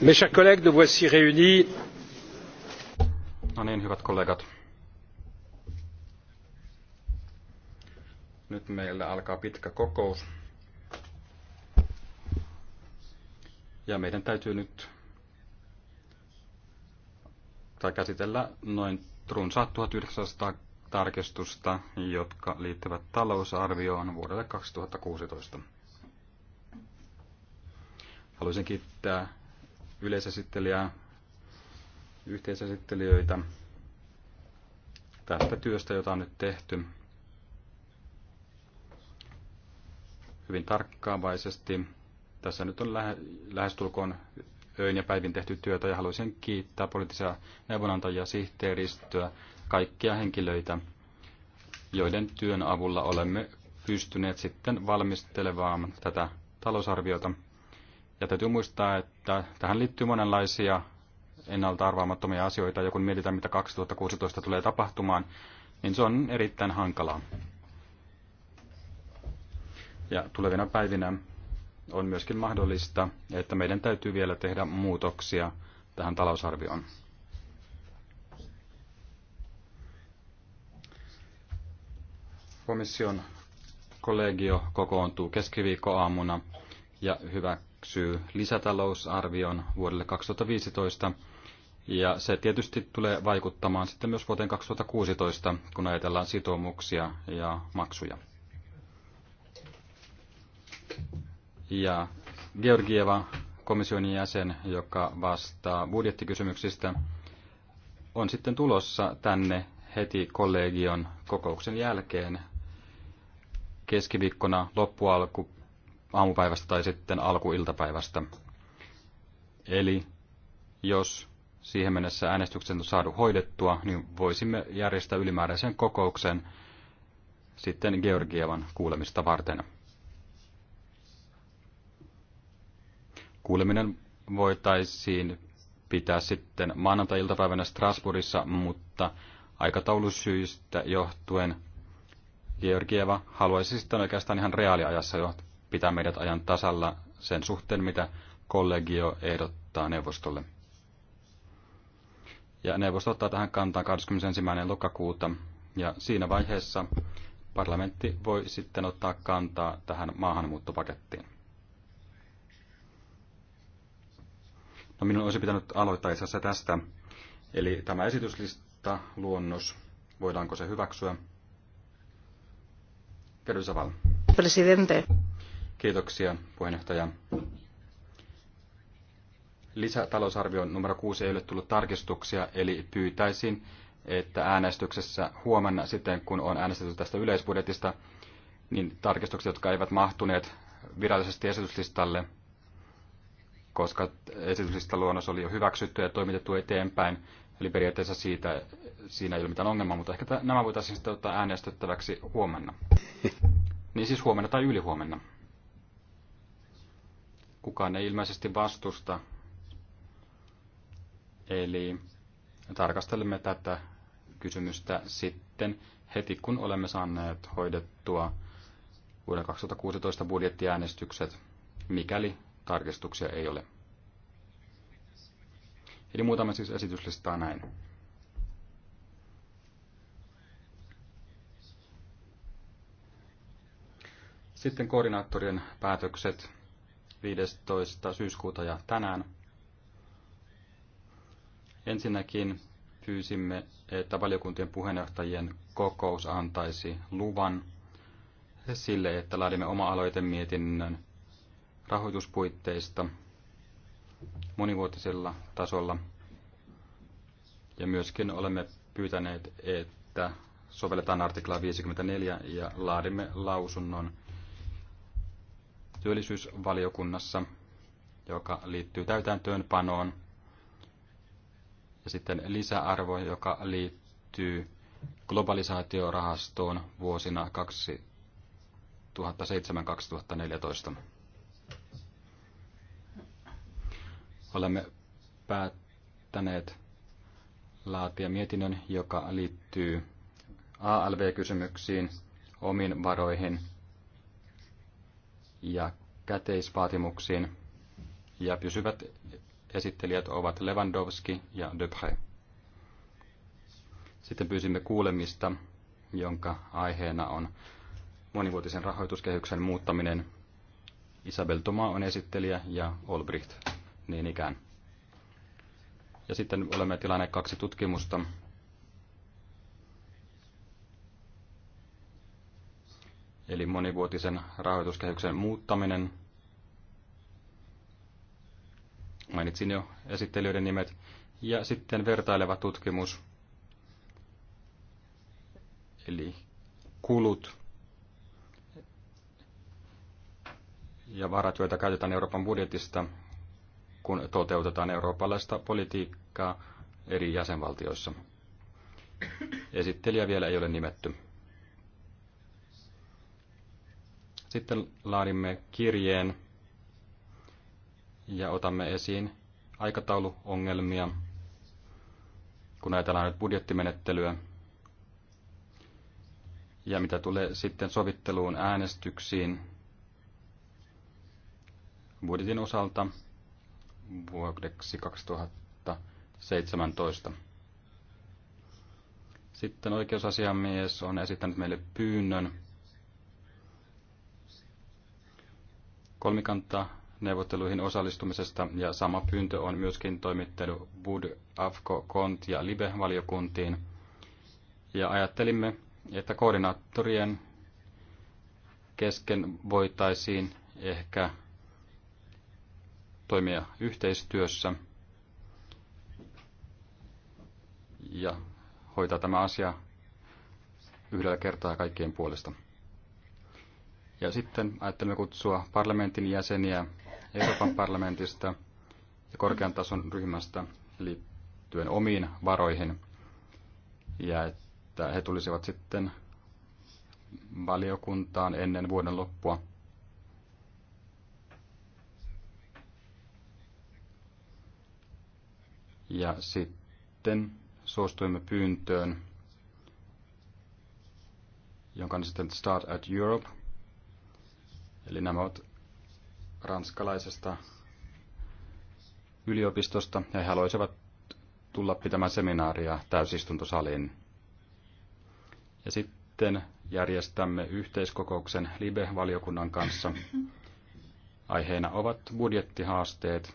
Mes chers collègues, nous voici réunis. No niin, hyvät kollegat. Nyt meillä alkaa pitkä kokous. Ja meidän täytyy nyt tai käsitellä noin runsaat 1900 tarkistusta, jotka liittyvät talousarvioon vuodelle 2016. Haluaisin kiittää yleisesittelijää, yhteisesittelijöitä tästä työstä, jota on nyt tehty. Hyvin tarkkaavaisesti. Tässä nyt on lähe, lähestulkoon öin ja päivin tehty työtä ja haluaisin kiittää poliittisia neuvonantajia, sihteeristöä, kaikkia henkilöitä, joiden työn avulla olemme pystyneet sitten valmistelemaan tätä talousarviota. Ja täytyy muistaa, että tähän liittyy monenlaisia ennalta arvaamattomia asioita, ja kun mietitään, mitä 2016 tulee tapahtumaan, niin se on erittäin hankalaa. Ja tulevina päivinä on myöskin mahdollista, että meidän täytyy vielä tehdä muutoksia tähän talousarvioon. Komission kollegio kokoontuu keskiviikkoaamuna ja hyvä hyväksyy lisätalousarvion vuodelle 2015, ja se tietysti tulee vaikuttamaan sitten myös vuoteen 2016, kun ajatellaan sitoumuksia ja maksuja. Ja Georgieva, komission jäsen, joka vastaa budjettikysymyksistä, on sitten tulossa tänne heti kollegion kokouksen jälkeen keskiviikkona loppualku aamupäivästä tai sitten alkuiltapäivästä. Eli jos siihen mennessä äänestykset on saatu hoidettua, niin voisimme järjestää ylimääräisen kokouksen sitten Georgievan kuulemista varten. Kuuleminen voitaisiin pitää sitten maanantai-iltapäivänä Strasbourgissa, mutta aikataulusyistä johtuen Georgieva haluaisi sitten oikeastaan ihan reaaliajassa jo pitää meidät ajan tasalla sen suhteen, mitä kollegio ehdottaa neuvostolle. Ja neuvosto ottaa tähän kantaa 21. lokakuuta, ja siinä vaiheessa parlamentti voi sitten ottaa kantaa tähän maahanmuuttopakettiin. No minun olisi pitänyt aloittaa itse asiassa tästä. Eli tämä esityslista, luonnos, voidaanko se hyväksyä? Kerry Presidente. Kiitoksia, puheenjohtaja. Lisätalousarvion numero 6 ei ole tullut tarkistuksia, eli pyytäisin, että äänestyksessä huomenna sitten, kun on äänestetty tästä yleisbudjetista, niin tarkistukset, jotka eivät mahtuneet virallisesti esityslistalle, koska luonnos oli jo hyväksytty ja toimitettu eteenpäin, eli periaatteessa siitä, siinä ei ole mitään ongelmaa, mutta ehkä nämä voitaisiin sitten ottaa äänestettäväksi huomenna. Niin siis huomenna tai ylihuomenna kukaan ei ilmeisesti vastusta. Eli tarkastelemme tätä kysymystä sitten heti, kun olemme saaneet hoidettua vuoden 2016 budjettiäänestykset, mikäli tarkistuksia ei ole. Eli muutama siis esityslistaa näin. Sitten koordinaattorien päätökset 15. syyskuuta ja tänään. Ensinnäkin pyysimme, että valiokuntien puheenjohtajien kokous antaisi luvan sille, että laadimme oma-aloitemietinnön rahoituspuitteista monivuotisella tasolla. Ja myöskin olemme pyytäneet, että sovelletaan artiklaa 54 ja laadimme lausunnon työllisyysvaliokunnassa, joka liittyy täytäntöönpanoon, ja sitten lisäarvo, joka liittyy globalisaatiorahastoon vuosina 2007-2014. Olemme päättäneet laatia mietinnön, joka liittyy ALV-kysymyksiin, omiin varoihin – ja käteisvaatimuksiin, ja pysyvät esittelijät ovat Lewandowski ja Dupré. Sitten pyysimme kuulemista, jonka aiheena on monivuotisen rahoituskehyksen muuttaminen. Isabel Toma on esittelijä ja Olbricht niin ikään. Ja sitten olemme tilanneet kaksi tutkimusta, eli monivuotisen rahoituskehyksen muuttaminen. Mainitsin jo esittelijöiden nimet. Ja sitten vertaileva tutkimus, eli kulut ja varat, joita käytetään Euroopan budjetista, kun toteutetaan eurooppalaista politiikkaa eri jäsenvaltioissa. Esittelijä vielä ei ole nimetty. Sitten laadimme kirjeen ja otamme esiin aikatauluongelmia, kun ajatellaan nyt budjettimenettelyä. Ja mitä tulee sitten sovitteluun äänestyksiin budjetin osalta vuodeksi 2017. Sitten oikeusasiamies on esittänyt meille pyynnön kolmikanta neuvotteluihin osallistumisesta ja sama pyyntö on myöskin toimittelu Bud, Afko, Kont ja Libe-valiokuntiin. Ja ajattelimme, että koordinaattorien kesken voitaisiin ehkä toimia yhteistyössä ja hoitaa tämä asia yhdellä kertaa kaikkien puolesta. Ja sitten ajattelimme kutsua parlamentin jäseniä Euroopan parlamentista ja korkean tason ryhmästä liittyen omiin varoihin. Ja että he tulisivat sitten valiokuntaan ennen vuoden loppua. Ja sitten suostuimme pyyntöön, jonka on sitten Start at Europe Eli nämä ovat ranskalaisesta yliopistosta ja he haluaisivat tulla pitämään seminaaria täysistuntosaliin. Ja sitten järjestämme yhteiskokouksen LIBE-valiokunnan kanssa. Aiheena ovat budjettihaasteet.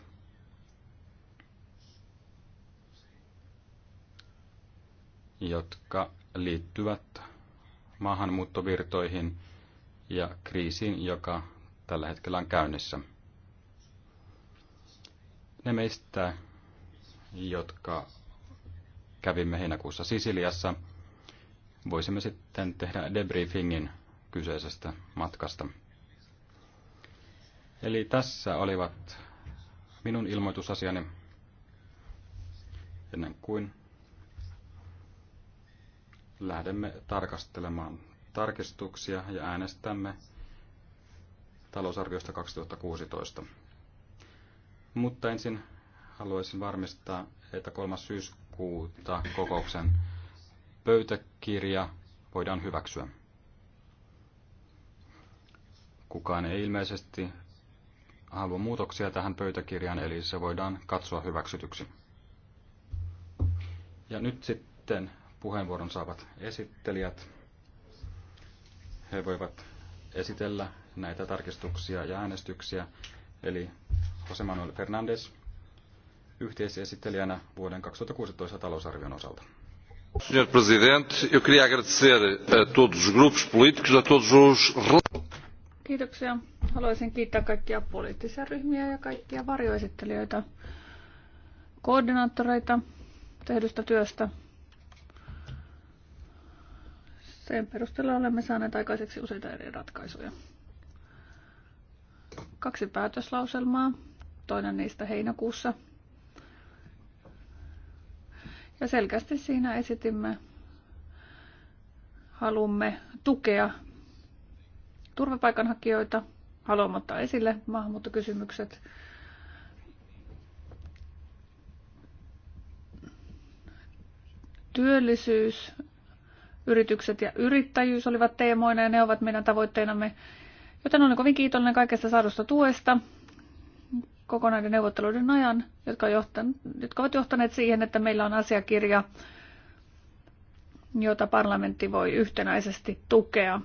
jotka liittyvät maahanmuuttovirtoihin – ja kriisiin, joka tällä hetkellä on käynnissä. Ne meistä, jotka kävimme heinäkuussa Sisiliassa, voisimme sitten tehdä debriefingin kyseisestä matkasta. Eli tässä olivat minun ilmoitusasiani ennen kuin lähdemme tarkastelemaan tarkistuksia ja äänestämme talousarviosta 2016. Mutta ensin haluaisin varmistaa, että 3. syyskuuta kokouksen pöytäkirja voidaan hyväksyä. Kukaan ei ilmeisesti halua muutoksia tähän pöytäkirjaan, eli se voidaan katsoa hyväksytyksi. Ja nyt sitten puheenvuoron saavat esittelijät. He voivat esitellä näitä tarkistuksia ja äänestyksiä, eli Jose Manuel Fernandes yhteisesittelijänä vuoden 2016 talousarvion osalta. Señor Presidente, yo quería agradecer a todos los grupos políticos, a todos los... Kiitoksia. Haluaisin kiittää kaikkia poliittisia ryhmiä ja kaikkia varjoesittelijöitä, koordinaattoreita tehdystä työstä. Sen perusteella olemme saaneet aikaiseksi useita eri ratkaisuja. Kaksi päätöslauselmaa, toinen niistä heinäkuussa. Ja selkeästi siinä esitimme, haluamme tukea turvapaikanhakijoita, haluamme ottaa esille maahanmuuttokysymykset, työllisyys yritykset ja yrittäjyys olivat teemoina ja ne ovat meidän tavoitteinamme. Joten olen kovin kiitollinen kaikesta saadusta tuesta koko näiden neuvotteluiden ajan, jotka, johtan, jotka ovat johtaneet siihen, että meillä on asiakirja, jota parlamentti voi yhtenäisesti tukea,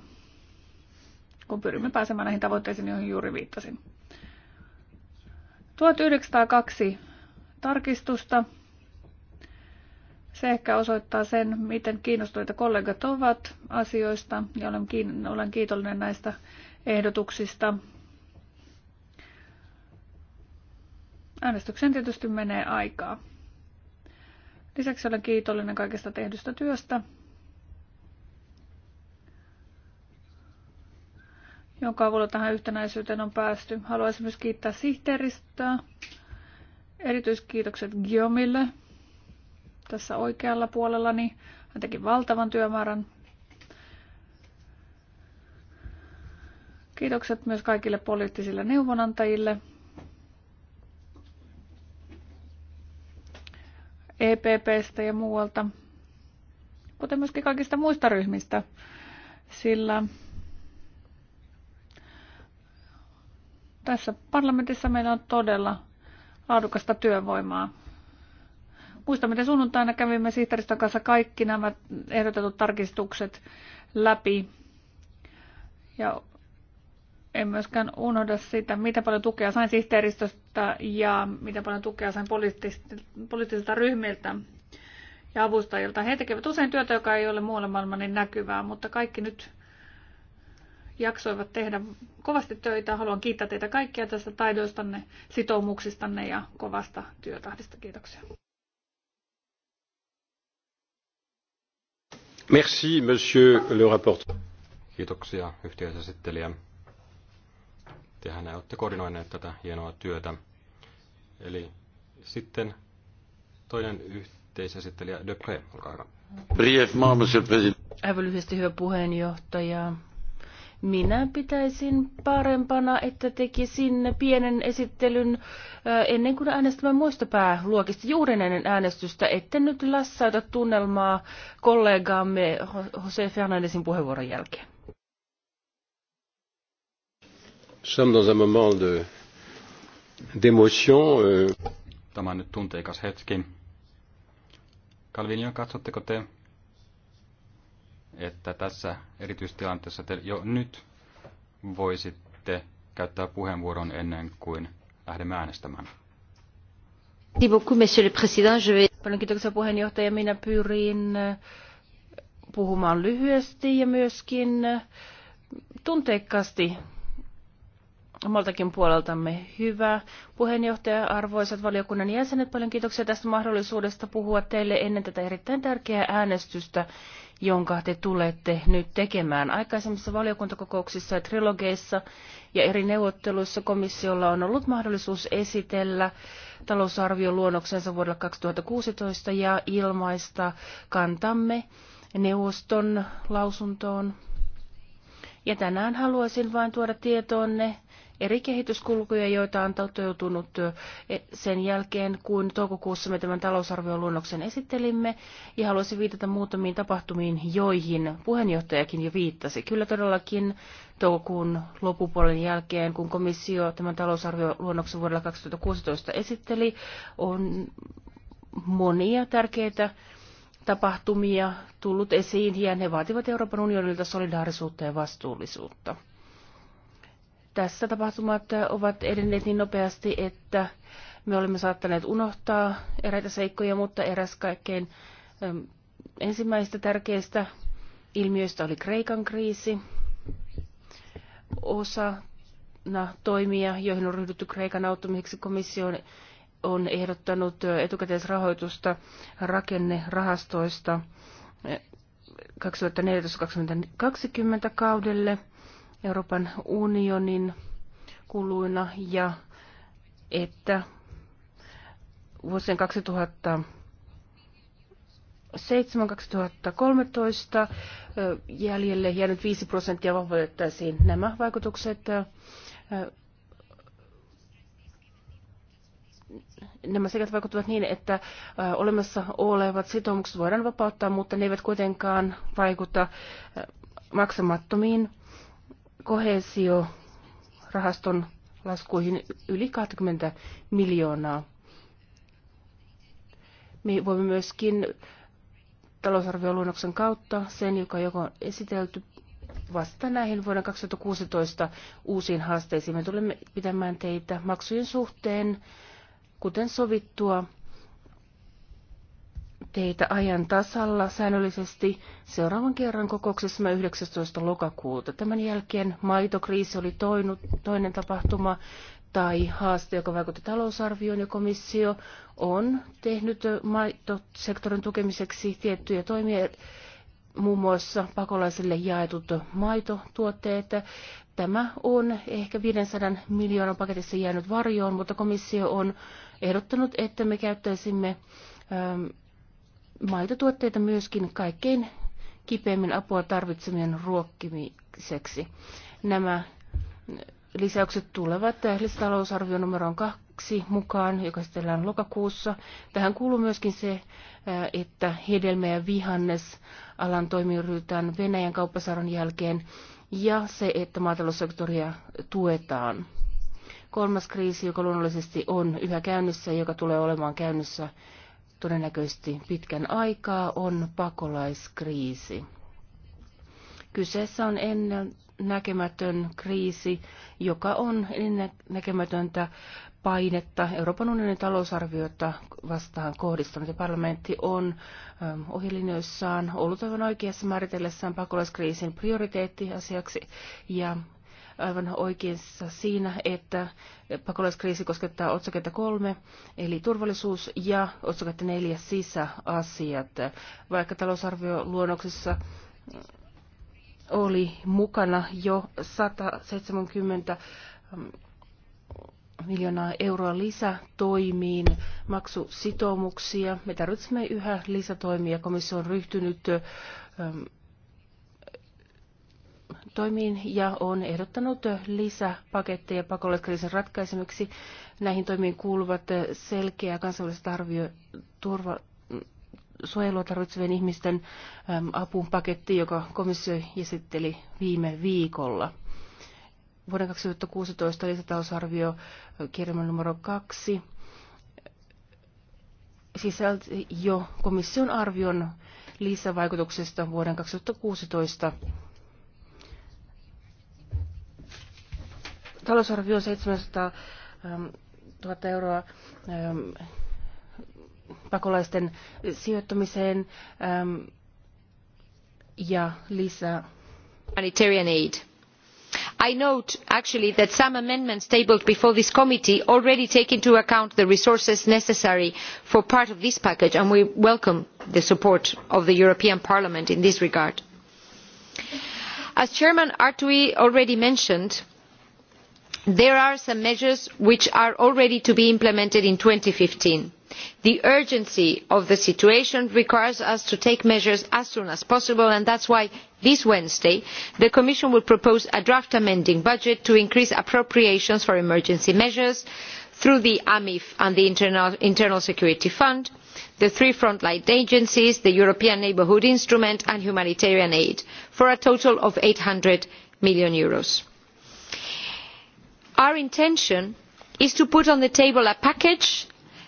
kun pyrimme pääsemään näihin tavoitteisiin, joihin juuri viittasin. 1902 tarkistusta se ehkä osoittaa sen, miten kiinnostuneita kollegat ovat asioista ja olen, kiin- olen kiitollinen näistä ehdotuksista. Äänestykseen tietysti menee aikaa. Lisäksi olen kiitollinen kaikesta tehdystä työstä, jonka avulla tähän yhtenäisyyteen on päästy. Haluaisin myös kiittää sihteeristöä. Erityiskiitokset Giomille tässä oikealla puolella, niin hän teki valtavan työmäärän. Kiitokset myös kaikille poliittisille neuvonantajille. EPPstä ja muualta, kuten myöskin kaikista muista ryhmistä, sillä tässä parlamentissa meillä on todella laadukasta työvoimaa. Muistamme, että sunnuntaina kävimme sihteeristön kanssa kaikki nämä ehdotetut tarkistukset läpi. Ja en myöskään unohda sitä, mitä paljon tukea sain sihteeristöstä ja mitä paljon tukea sain poliittisilta ryhmiltä ja avustajilta. He tekevät usein työtä, joka ei ole muulle maailman niin näkyvää, mutta kaikki nyt jaksoivat tehdä kovasti töitä. Haluan kiittää teitä kaikkia tästä taidoistanne, sitoumuksistanne ja kovasta työtahdista. Kiitoksia. Merci, monsieur le rapporteur. Kiitoksia yhteisesittelijä. Tehän olette koordinoineet tätä hienoa työtä. Eli sitten toinen yhteisesittelijä Depre, olkaa hyvä. Brièvement, monsieur le président. Aivan lyhyesti hyvä puheenjohtaja. Minä pitäisin parempana, että tekisin pienen esittelyn äh, ennen kuin äänestämme muista pääluokista juuri ennen äänestystä, etten nyt lässäytä tunnelmaa kollegaamme Jose Fernandesin puheenvuoron jälkeen. Sommes dans un moment de d'émotion. Euh. Tämä on nyt tunteikas hetki. Calvinio, katsotteko te että tässä erityistilanteessa te jo nyt voisitte käyttää puheenvuoron ennen kuin lähdemme äänestämään. Paljon kiitoksia puheenjohtaja. Minä pyrin äh, puhumaan lyhyesti ja myöskin äh, tunteikkaasti omaltakin puoleltamme hyvä. Puheenjohtaja, arvoisat valiokunnan jäsenet, paljon kiitoksia tästä mahdollisuudesta puhua teille ennen tätä erittäin tärkeää äänestystä, jonka te tulette nyt tekemään. Aikaisemmissa valiokuntakokouksissa ja trilogeissa ja eri neuvotteluissa komissiolla on ollut mahdollisuus esitellä luonnoksensa vuodelle 2016 ja ilmaista kantamme neuvoston lausuntoon. Ja tänään haluaisin vain tuoda tietoonne eri kehityskulkuja, joita on toteutunut e, sen jälkeen, kun toukokuussa me tämän talousarvioluonnoksen esittelimme. Ja haluaisin viitata muutamiin tapahtumiin, joihin puheenjohtajakin jo viittasi. Kyllä todellakin toukokuun loppupuolen jälkeen, kun komissio tämän talousarvioluonnoksen vuodella 2016 esitteli, on monia tärkeitä tapahtumia tullut esiin ja ne vaativat Euroopan unionilta solidaarisuutta ja vastuullisuutta tässä tapahtumat ovat edenneet niin nopeasti, että me olemme saattaneet unohtaa eräitä seikkoja, mutta eräs kaikkein ähm, ensimmäistä tärkeistä ilmiöistä oli Kreikan kriisi. Osana toimia, joihin on ryhdytty Kreikan auttamiseksi komission on ehdottanut etukäteisrahoitusta rakennerahastoista 2014-2020 äh, kaudelle – Euroopan unionin kuluina ja että vuosien 2007 2013 jäljelle jäänyt 5 prosenttia vahvoitettaisiin nämä vaikutukset. Nämä sekä vaikuttavat niin, että olemassa olevat sitoumukset voidaan vapauttaa, mutta ne eivät kuitenkaan vaikuta maksamattomiin Koheesiorahaston laskuihin yli 20 miljoonaa. Me voimme myöskin talousarvioluonnoksen kautta sen, joka joko on esitelty vasta näihin vuoden 2016 uusiin haasteisiin. Me tulemme pitämään teitä maksujen suhteen, kuten sovittua, teitä ajan tasalla säännöllisesti seuraavan kerran kokouksessa 19. lokakuuta. Tämän jälkeen maitokriisi oli toinut, toinen tapahtuma tai haaste, joka vaikutti talousarvioon ja komissio on tehnyt maitosektorin tukemiseksi tiettyjä toimia, muun muassa pakolaisille jaetut maitotuotteet. Tämä on ehkä 500 miljoonan paketissa jäänyt varjoon, mutta komissio on ehdottanut, että me käyttäisimme maitotuotteita myöskin kaikkein kipeimmin apua tarvitsemien ruokkimiseksi. Nämä lisäykset tulevat lisätalousarvion numeroon kaksi mukaan, joka esitellään lokakuussa. Tähän kuuluu myöskin se, että hedelmä- ja vihannesalan toimiin Venäjän kauppasaron jälkeen ja se, että maataloussektoria tuetaan. Kolmas kriisi, joka luonnollisesti on yhä käynnissä ja joka tulee olemaan käynnissä todennäköisesti pitkän aikaa on pakolaiskriisi. Kyseessä on ennen näkemätön kriisi, joka on ennennäkemätöntä painetta Euroopan unionin talousarviota vastaan kohdistanut. Ja parlamentti on ähm, ohilinjoissaan ollut aivan oikeassa määritellessään pakolaiskriisin prioriteettiasiaksi ja aivan oikeassa siinä, että pakolaiskriisi koskettaa otsaketta kolme, eli turvallisuus, ja otsaketta neljä sisäasiat. Vaikka talousarvioluonnoksessa oli mukana jo 170 mm, miljoonaa euroa lisätoimiin, maksusitoumuksia. Me tarvitsemme yhä lisätoimia. Komissio on ryhtynyt mm, toimiin ja on ehdottanut lisäpaketteja pakolaiskriisin ratkaisemiksi. Näihin toimiin kuuluvat selkeä kansainvälistä arvio turva, suojelua tarvitsevien ihmisten apun paketti, joka komissio esitteli viime viikolla. Vuoden 2016 lisätalousarvio kirjelmä numero kaksi sisälti jo komission arvion lisävaikutuksesta vuoden 2016 talousarvio 700 000 ähm, euroa ähm, pakolaisten sijoittamiseen ähm, ja lisää. Humanitarian aid i note actually that some amendments tabled before this committee already take into account the resources necessary for part of this package and we welcome the support of the european parliament in this regard. as chairman Artui already mentioned there are some measures which are already to be implemented in. two thousand and fifteen the urgency of the situation requires us to take measures as soon as possible and that is why this wednesday the commission will propose a draft amending budget to increase appropriations for emergency measures through the amif and the internal, security fund the three frontline agencies the european neighbourhood instrument and humanitarian aid for a total of eur eight hundred million. Euros our intention is to put on the table a package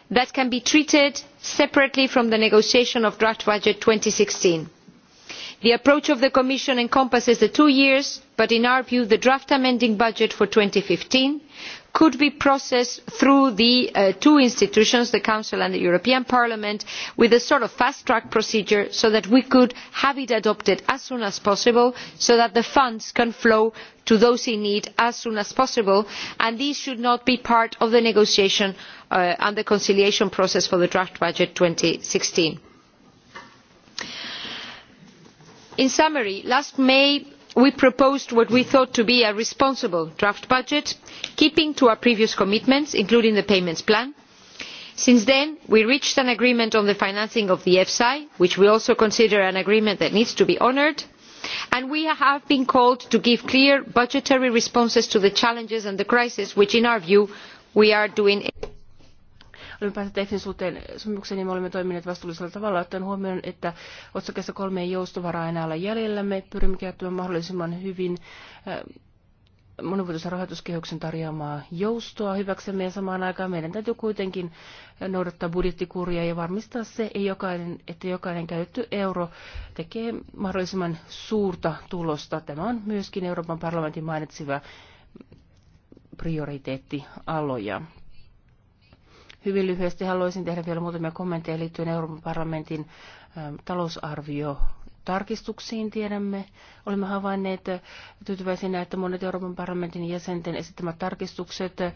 that can be treated separately from the negotiation of draft budget. two thousand and sixteen the approach of the commission encompasses the two years but in our view the draft amending budget for two thousand and fifteen could be processed through the uh, two institutions the council and the european parliament with a sort of fast track procedure so that we could have it adopted as soon as possible so that the funds can flow to those in need as soon as possible and this should not be part of the negotiation uh, and the conciliation process for the draft budget. two thousand and sixteen in summary last may we proposed what we thought to be a responsible draft budget keeping to our previous commitments including the payments plan. since then we reached an agreement on the financing of the efsi which we also consider an agreement that needs to be honoured and we have been called to give clear budgetary responses to the challenges and the crisis which in our view we are doing olemme päässeet suhteen sopimukseen, niin me olemme toimineet vastuullisella tavalla, ottaen huomioon, että otsakessa kolme ei joustovaraa enää ole jäljellä. Me pyrimme käyttämään mahdollisimman hyvin äh, monivuotisen rahoituskehyksen tarjoamaa joustoa hyväksemme ja samaan aikaan meidän täytyy kuitenkin noudattaa budjettikuria ja varmistaa se, jokainen, että jokainen käytetty euro tekee mahdollisimman suurta tulosta. Tämä on myöskin Euroopan parlamentin mainitsiva prioriteettialoja. Hyvin lyhyesti haluaisin tehdä vielä muutamia kommentteja liittyen Euroopan parlamentin ähm, talousarvio tarkistuksiin tiedämme. Olemme havainneet äh, tyytyväisinä, että monet Euroopan parlamentin jäsenten esittämät tarkistukset äh,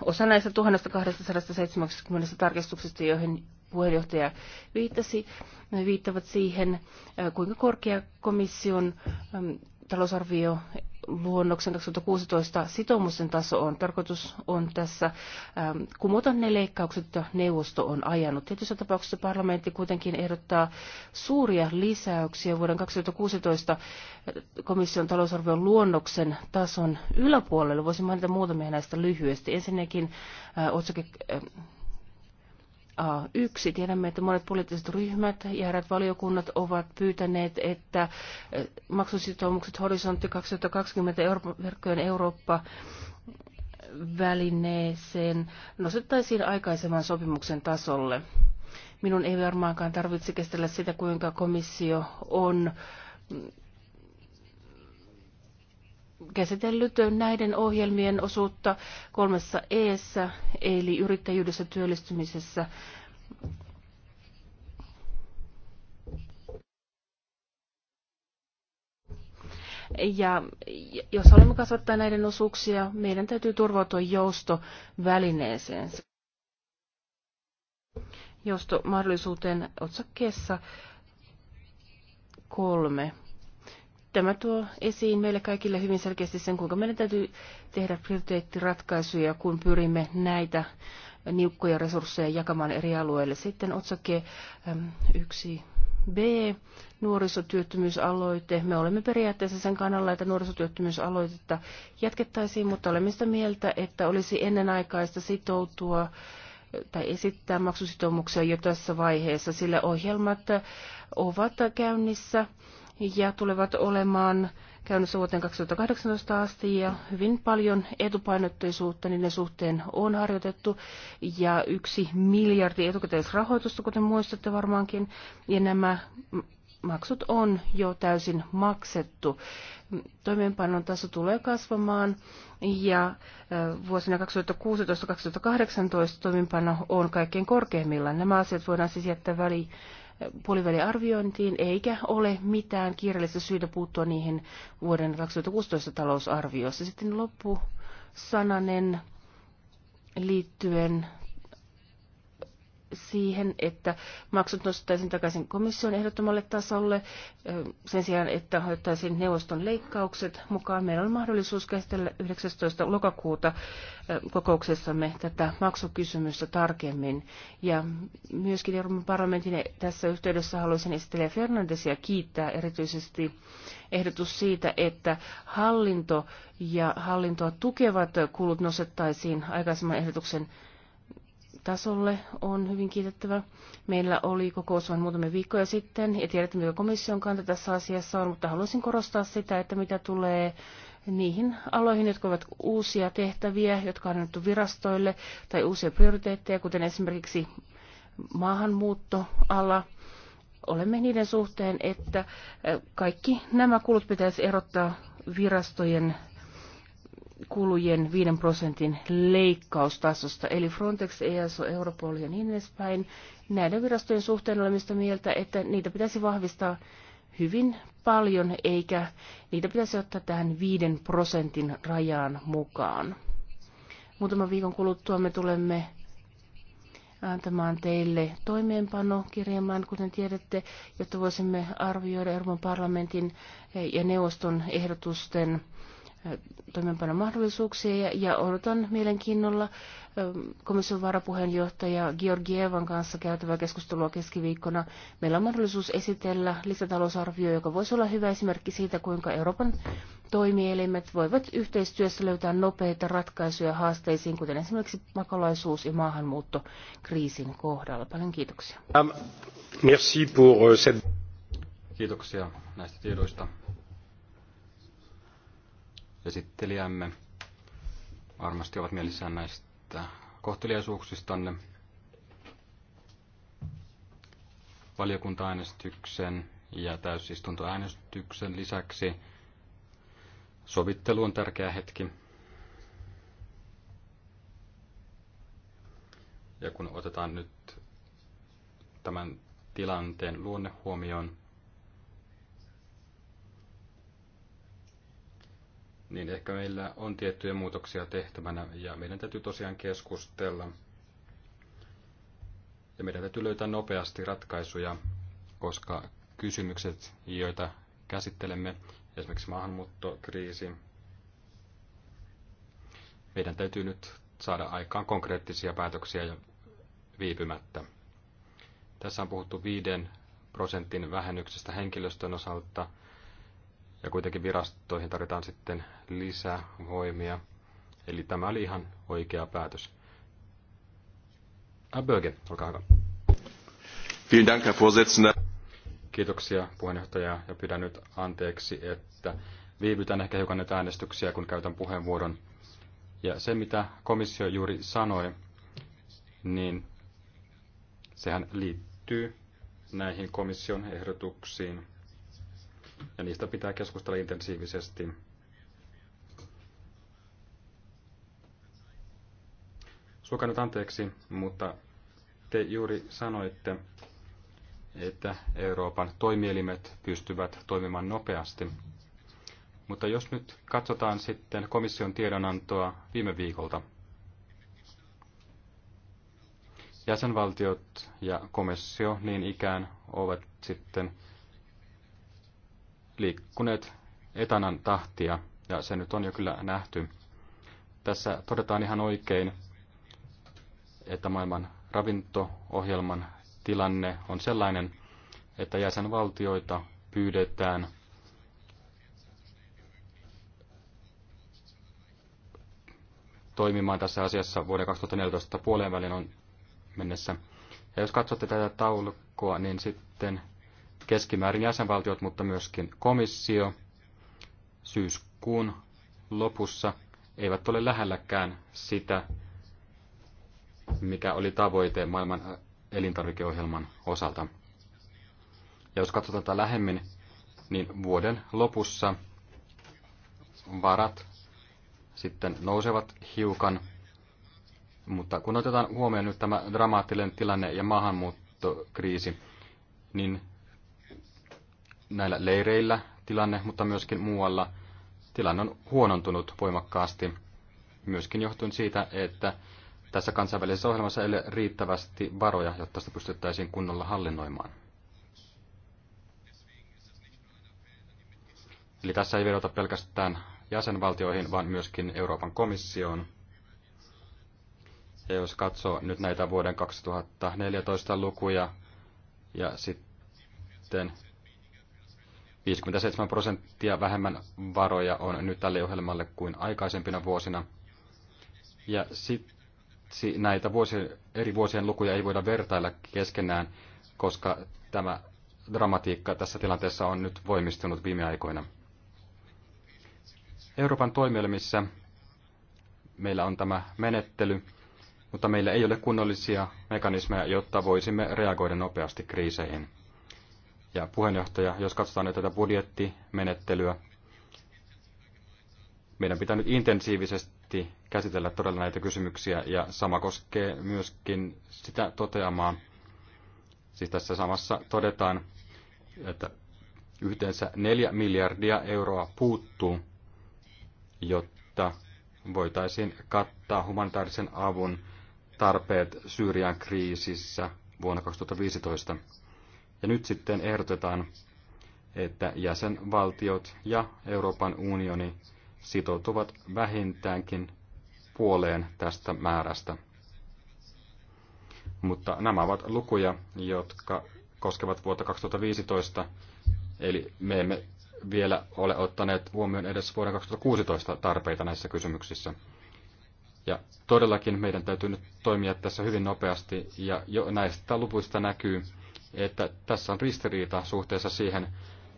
osa näistä 1270 tarkistuksista, joihin puheenjohtaja viittasi, viittavat siihen, äh, kuinka korkea komission ähm, talousarvio luonnoksen 2016 sitoumusten taso on. Tarkoitus on tässä ähm, kumota ne leikkaukset, joita neuvosto on ajanut. Tietyissä tapauksissa parlamentti kuitenkin ehdottaa suuria lisäyksiä vuoden 2016 äh, komission talousarvion luonnoksen tason yläpuolelle. Voisin mainita muutamia näistä lyhyesti. Ensinnäkin äh, otsake äh, Yksi Tiedämme, että monet poliittiset ryhmät ja eräät valiokunnat ovat pyytäneet, että maksusitoumukset Horisontti 2020 Euroopan verkkojen Eurooppa välineeseen nostettaisiin aikaisemman sopimuksen tasolle. Minun ei varmaankaan tarvitse kestellä sitä, kuinka komissio on käsitellyt näiden ohjelmien osuutta kolmessa eessä, eli yrittäjyydessä, työllistymisessä, Ja jos haluamme kasvattaa näiden osuuksia, meidän täytyy turvautua joustovälineeseen. Joustomahdollisuuteen otsakkeessa kolme. Tämä tuo esiin meille kaikille hyvin selkeästi sen, kuinka meidän täytyy tehdä prioriteettiratkaisuja, kun pyrimme näitä niukkoja resursseja jakamaan eri alueille. Sitten otsake 1 B, nuorisotyöttömyysaloite. Me olemme periaatteessa sen kannalla, että nuorisotyöttömyysaloitetta jatkettaisiin, mutta olemme sitä mieltä, että olisi ennenaikaista sitoutua tai esittää maksusitoumuksia jo tässä vaiheessa, sillä ohjelmat ovat käynnissä ja tulevat olemaan käynnissä vuoteen 2018 asti ja hyvin paljon etupainotteisuutta niiden suhteen on harjoitettu ja yksi miljardi etukäteisrahoitusta, kuten muistatte varmaankin, ja nämä maksut on jo täysin maksettu. Toimeenpanon taso tulee kasvamaan ja vuosina 2016-2018 toimeenpano on kaikkein korkeimmillaan. Nämä asiat voidaan siis jättää väliin puoliväliarviointiin, eikä ole mitään kiireellistä syytä puuttua niihin vuoden 2016 talousarviossa. Sitten loppusananen liittyen siihen, että maksut nostettaisiin takaisin komission ehdottomalle tasolle sen sijaan, että otettaisiin neuvoston leikkaukset mukaan. Meillä on mahdollisuus käsitellä 19. lokakuuta kokouksessamme tätä maksukysymystä tarkemmin. Ja myöskin Euroopan parlamentin tässä yhteydessä haluaisin esitellä Fernandesia kiittää erityisesti ehdotus siitä, että hallinto ja hallintoa tukevat kulut nostettaisiin aikaisemman ehdotuksen tasolle on hyvin kiitettävä. Meillä oli kokous vain muutamia viikkoja sitten ja tiedätte, mikä komission kanta tässä asiassa on, mutta haluaisin korostaa sitä, että mitä tulee niihin aloihin, jotka ovat uusia tehtäviä, jotka on annettu virastoille tai uusia prioriteetteja, kuten esimerkiksi maahanmuuttoala, olemme niiden suhteen, että kaikki nämä kulut pitäisi erottaa virastojen kulujen 5 prosentin leikkaustasosta, eli Frontex, EASO, Europol ja niin edespäin. Näiden virastojen suhteen olemista mieltä, että niitä pitäisi vahvistaa hyvin paljon, eikä niitä pitäisi ottaa tähän 5 prosentin rajaan mukaan. Muutaman viikon kuluttua me tulemme antamaan teille toimeenpanokirjelmään, kuten tiedätte, jotta voisimme arvioida Euroopan parlamentin ja neuvoston ehdotusten toimeenpanon mahdollisuuksia ja odotan mielenkiinnolla ähm, komission varapuheenjohtaja Georgievan kanssa käytävää keskustelua keskiviikkona. Meillä on mahdollisuus esitellä lisätalousarvio, joka voisi olla hyvä esimerkki siitä, kuinka Euroopan toimielimet voivat yhteistyössä löytää nopeita ratkaisuja haasteisiin, kuten esimerkiksi makalaisuus ja maahanmuuttokriisin kohdalla. Paljon kiitoksia. Um, euh, kiitoksia näistä tiedoista esittelijämme varmasti ovat mielissään näistä kohteliaisuuksistanne. Valiokuntaäänestyksen ja täysistuntoäänestyksen lisäksi sovittelu on tärkeä hetki. Ja kun otetaan nyt tämän tilanteen luonne huomioon, niin ehkä meillä on tiettyjä muutoksia tehtävänä ja meidän täytyy tosiaan keskustella. Ja meidän täytyy löytää nopeasti ratkaisuja, koska kysymykset, joita käsittelemme, esimerkiksi maahanmuuttokriisi, meidän täytyy nyt saada aikaan konkreettisia päätöksiä ja viipymättä. Tässä on puhuttu viiden prosentin vähennyksestä henkilöstön osalta – ja kuitenkin virastoihin tarvitaan sitten lisää Eli tämä oli ihan oikea päätös. Böge, olkaa hyvä. Vielen Dank, Herr Vorsitzender. Kiitoksia puheenjohtaja ja pidän nyt anteeksi, että viivytän ehkä hiukan näitä äänestyksiä, kun käytän puheenvuoron. Ja se, mitä komissio juuri sanoi, niin sehän liittyy näihin komission ehdotuksiin ja niistä pitää keskustella intensiivisesti. Suokaa nyt anteeksi, mutta te juuri sanoitte, että Euroopan toimielimet pystyvät toimimaan nopeasti. Mutta jos nyt katsotaan sitten komission tiedonantoa viime viikolta. Jäsenvaltiot ja komissio niin ikään ovat sitten liikkuneet etanan tahtia, ja se nyt on jo kyllä nähty. Tässä todetaan ihan oikein, että maailman ravinto-ohjelman tilanne on sellainen, että jäsenvaltioita pyydetään toimimaan tässä asiassa vuoden 2014 puoleen välin on mennessä. Ja jos katsotte tätä taulukkoa, niin sitten keskimäärin jäsenvaltiot, mutta myöskin komissio syyskuun lopussa eivät ole lähelläkään sitä, mikä oli tavoite maailman elintarvikeohjelman osalta. Ja jos katsotaan tätä lähemmin, niin vuoden lopussa varat sitten nousevat hiukan, mutta kun otetaan huomioon nyt tämä dramaattinen tilanne ja maahanmuuttokriisi, niin näillä leireillä tilanne, mutta myöskin muualla tilanne on huonontunut voimakkaasti, myöskin johtuen siitä, että tässä kansainvälisessä ohjelmassa ei ole riittävästi varoja, jotta sitä pystyttäisiin kunnolla hallinnoimaan. Eli tässä ei vedota pelkästään jäsenvaltioihin, vaan myöskin Euroopan komissioon. Ja jos katsoo nyt näitä vuoden 2014 lukuja ja sitten 57 prosenttia vähemmän varoja on nyt tälle ohjelmalle kuin aikaisempina vuosina. Ja siksi näitä vuosi, eri vuosien lukuja ei voida vertailla keskenään, koska tämä dramatiikka tässä tilanteessa on nyt voimistunut viime aikoina. Euroopan toimielimissä meillä on tämä menettely, mutta meillä ei ole kunnollisia mekanismeja, jotta voisimme reagoida nopeasti kriiseihin. Ja puheenjohtaja, jos katsotaan nyt tätä budjettimenettelyä, meidän pitää nyt intensiivisesti käsitellä todella näitä kysymyksiä, ja sama koskee myöskin sitä toteamaa. Siis tässä samassa todetaan, että yhteensä 4 miljardia euroa puuttuu, jotta voitaisiin kattaa humanitaarisen avun tarpeet Syyrian kriisissä vuonna 2015. Ja nyt sitten ehdotetaan, että jäsenvaltiot ja Euroopan unioni sitoutuvat vähintäänkin puoleen tästä määrästä. Mutta nämä ovat lukuja, jotka koskevat vuotta 2015, eli me emme vielä ole ottaneet huomioon edes vuoden 2016 tarpeita näissä kysymyksissä. Ja todellakin meidän täytyy nyt toimia tässä hyvin nopeasti, ja jo näistä luvuista näkyy, että tässä on ristiriita suhteessa siihen,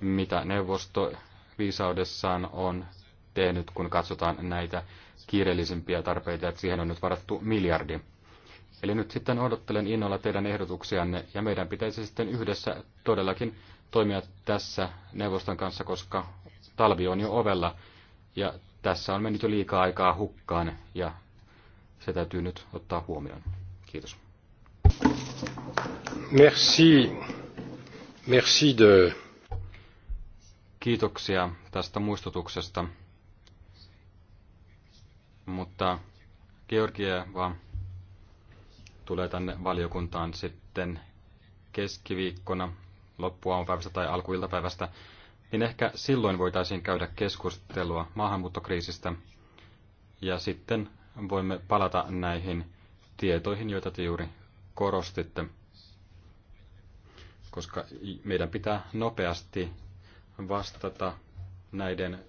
mitä neuvosto viisaudessaan on tehnyt, kun katsotaan näitä kiireellisimpiä tarpeita, että siihen on nyt varattu miljardi. Eli nyt sitten odottelen innolla teidän ehdotuksianne, ja meidän pitäisi sitten yhdessä todellakin toimia tässä neuvoston kanssa, koska talvi on jo ovella, ja tässä on mennyt jo liikaa aikaa hukkaan, ja se täytyy nyt ottaa huomioon. Kiitos. Merci. Merci de... Kiitoksia tästä muistutuksesta. Mutta Georgieva tulee tänne valiokuntaan sitten keskiviikkona loppuaamupäivästä tai alkuiltapäivästä, niin ehkä silloin voitaisiin käydä keskustelua maahanmuuttokriisistä ja sitten voimme palata näihin tietoihin, joita te juuri korostitte koska meidän pitää nopeasti vastata näiden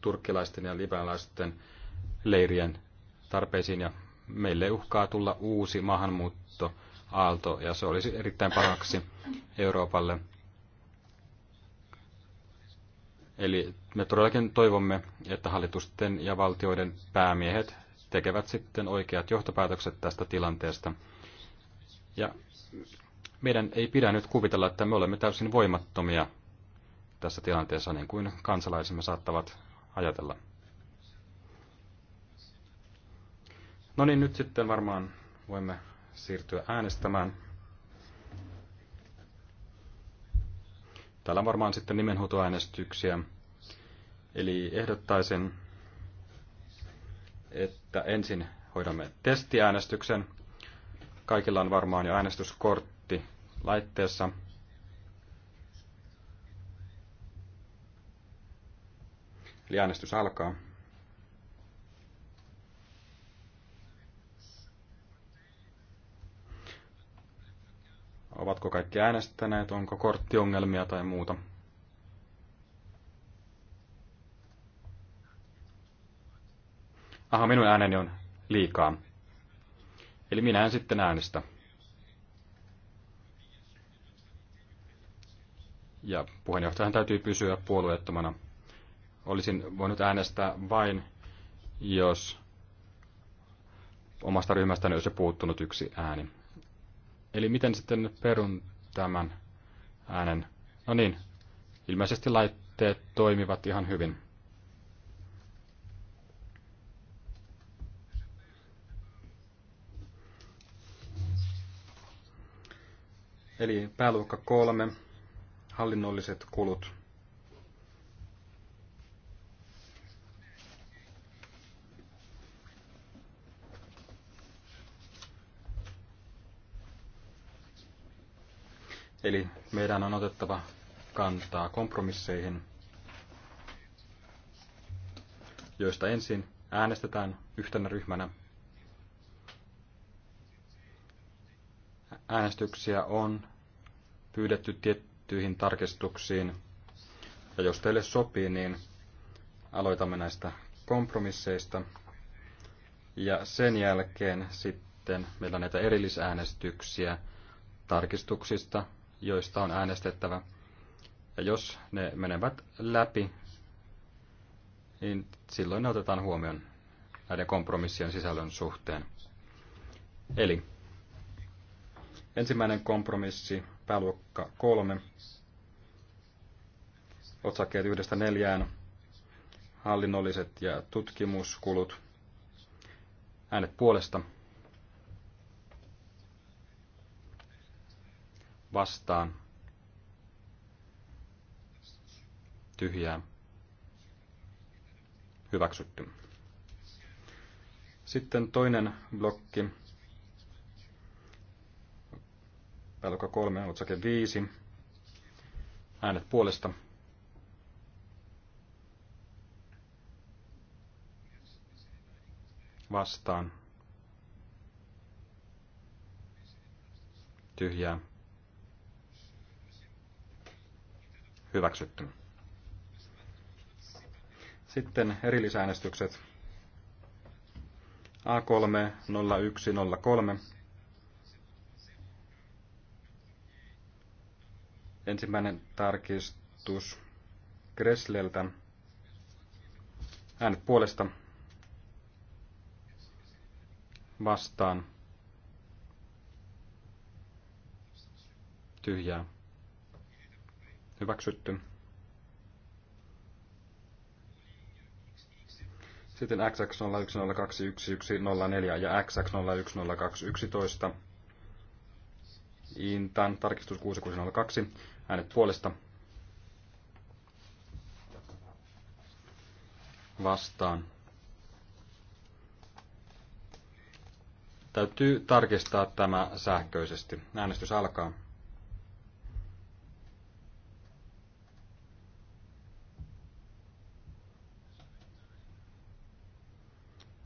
turkkilaisten ja libanalaisten leirien tarpeisiin ja meille uhkaa tulla uusi maahanmuutto aalto ja se olisi erittäin paraksi Euroopalle. Eli me todellakin toivomme, että hallitusten ja valtioiden päämiehet tekevät sitten oikeat johtopäätökset tästä tilanteesta. Ja meidän ei pidä nyt kuvitella, että me olemme täysin voimattomia tässä tilanteessa, niin kuin kansalaisemme saattavat ajatella. No niin, nyt sitten varmaan voimme siirtyä äänestämään. Täällä on varmaan sitten nimenhuutoäänestyksiä. Eli ehdottaisin, että ensin hoidamme testiäänestyksen. Kaikilla on varmaan jo äänestyskortti laitteessa. Eli äänestys alkaa. Ovatko kaikki äänestäneet? Onko korttiongelmia tai muuta? Aha, minun ääneni on liikaa. Eli minä en sitten äänestä. ja puheenjohtajan täytyy pysyä puolueettomana. Olisin voinut äänestää vain, jos omasta ryhmästäni olisi puuttunut yksi ääni. Eli miten sitten perun tämän äänen? No niin, ilmeisesti laitteet toimivat ihan hyvin. Eli pääluokka kolme hallinnolliset kulut. Eli meidän on otettava kantaa kompromisseihin, joista ensin äänestetään yhtenä ryhmänä. Äänestyksiä on pyydetty tiettyä tehtyihin tarkistuksiin. Ja jos teille sopii, niin aloitamme näistä kompromisseista. Ja sen jälkeen sitten meillä on näitä erillisäänestyksiä tarkistuksista, joista on äänestettävä. Ja jos ne menevät läpi, niin silloin ne otetaan huomioon näiden kompromissien sisällön suhteen. Eli ensimmäinen kompromissi pääluokka 3, otsakkeet yhdestä neljään, hallinnolliset ja tutkimuskulut, äänet puolesta, vastaan, tyhjää, hyväksytty. Sitten toinen blokki, pääluokka 3, otsake 5, äänet puolesta. Vastaan. Tyhjää. Hyväksytty. Sitten erillisäänestykset. A3 0103 Ensimmäinen tarkistus Gressleltä. Äänet puolesta vastaan tyhjää. Hyväksytty. Sitten XX0102104 ja XX01021 Intan tarkistus 6602. Äänet puolesta. Vastaan. Täytyy tarkistaa tämä sähköisesti. Äänestys alkaa.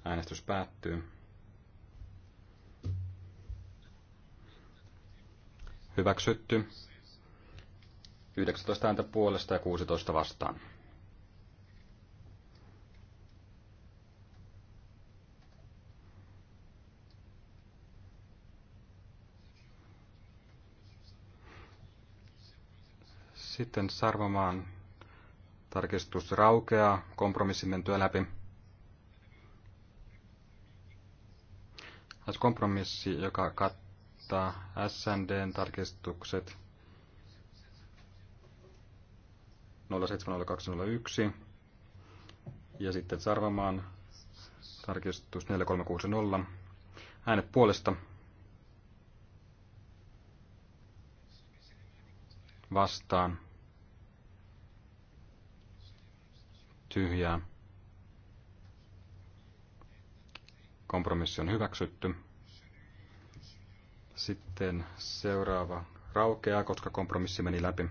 Äänestys päättyy. Hyväksytty. 19 ääntä puolesta ja 16 vastaan. Sitten Sarvomaan tarkistus raukeaa, kompromissi mentyä läpi. Tässä kompromissi, joka kat- ottaa SNDn tarkistukset 070201 ja sitten Sarvamaan tarkistus 4360. Äänet puolesta vastaan tyhjää. Kompromissi on hyväksytty. Sitten seuraava raukeaa, koska kompromissi meni läpi.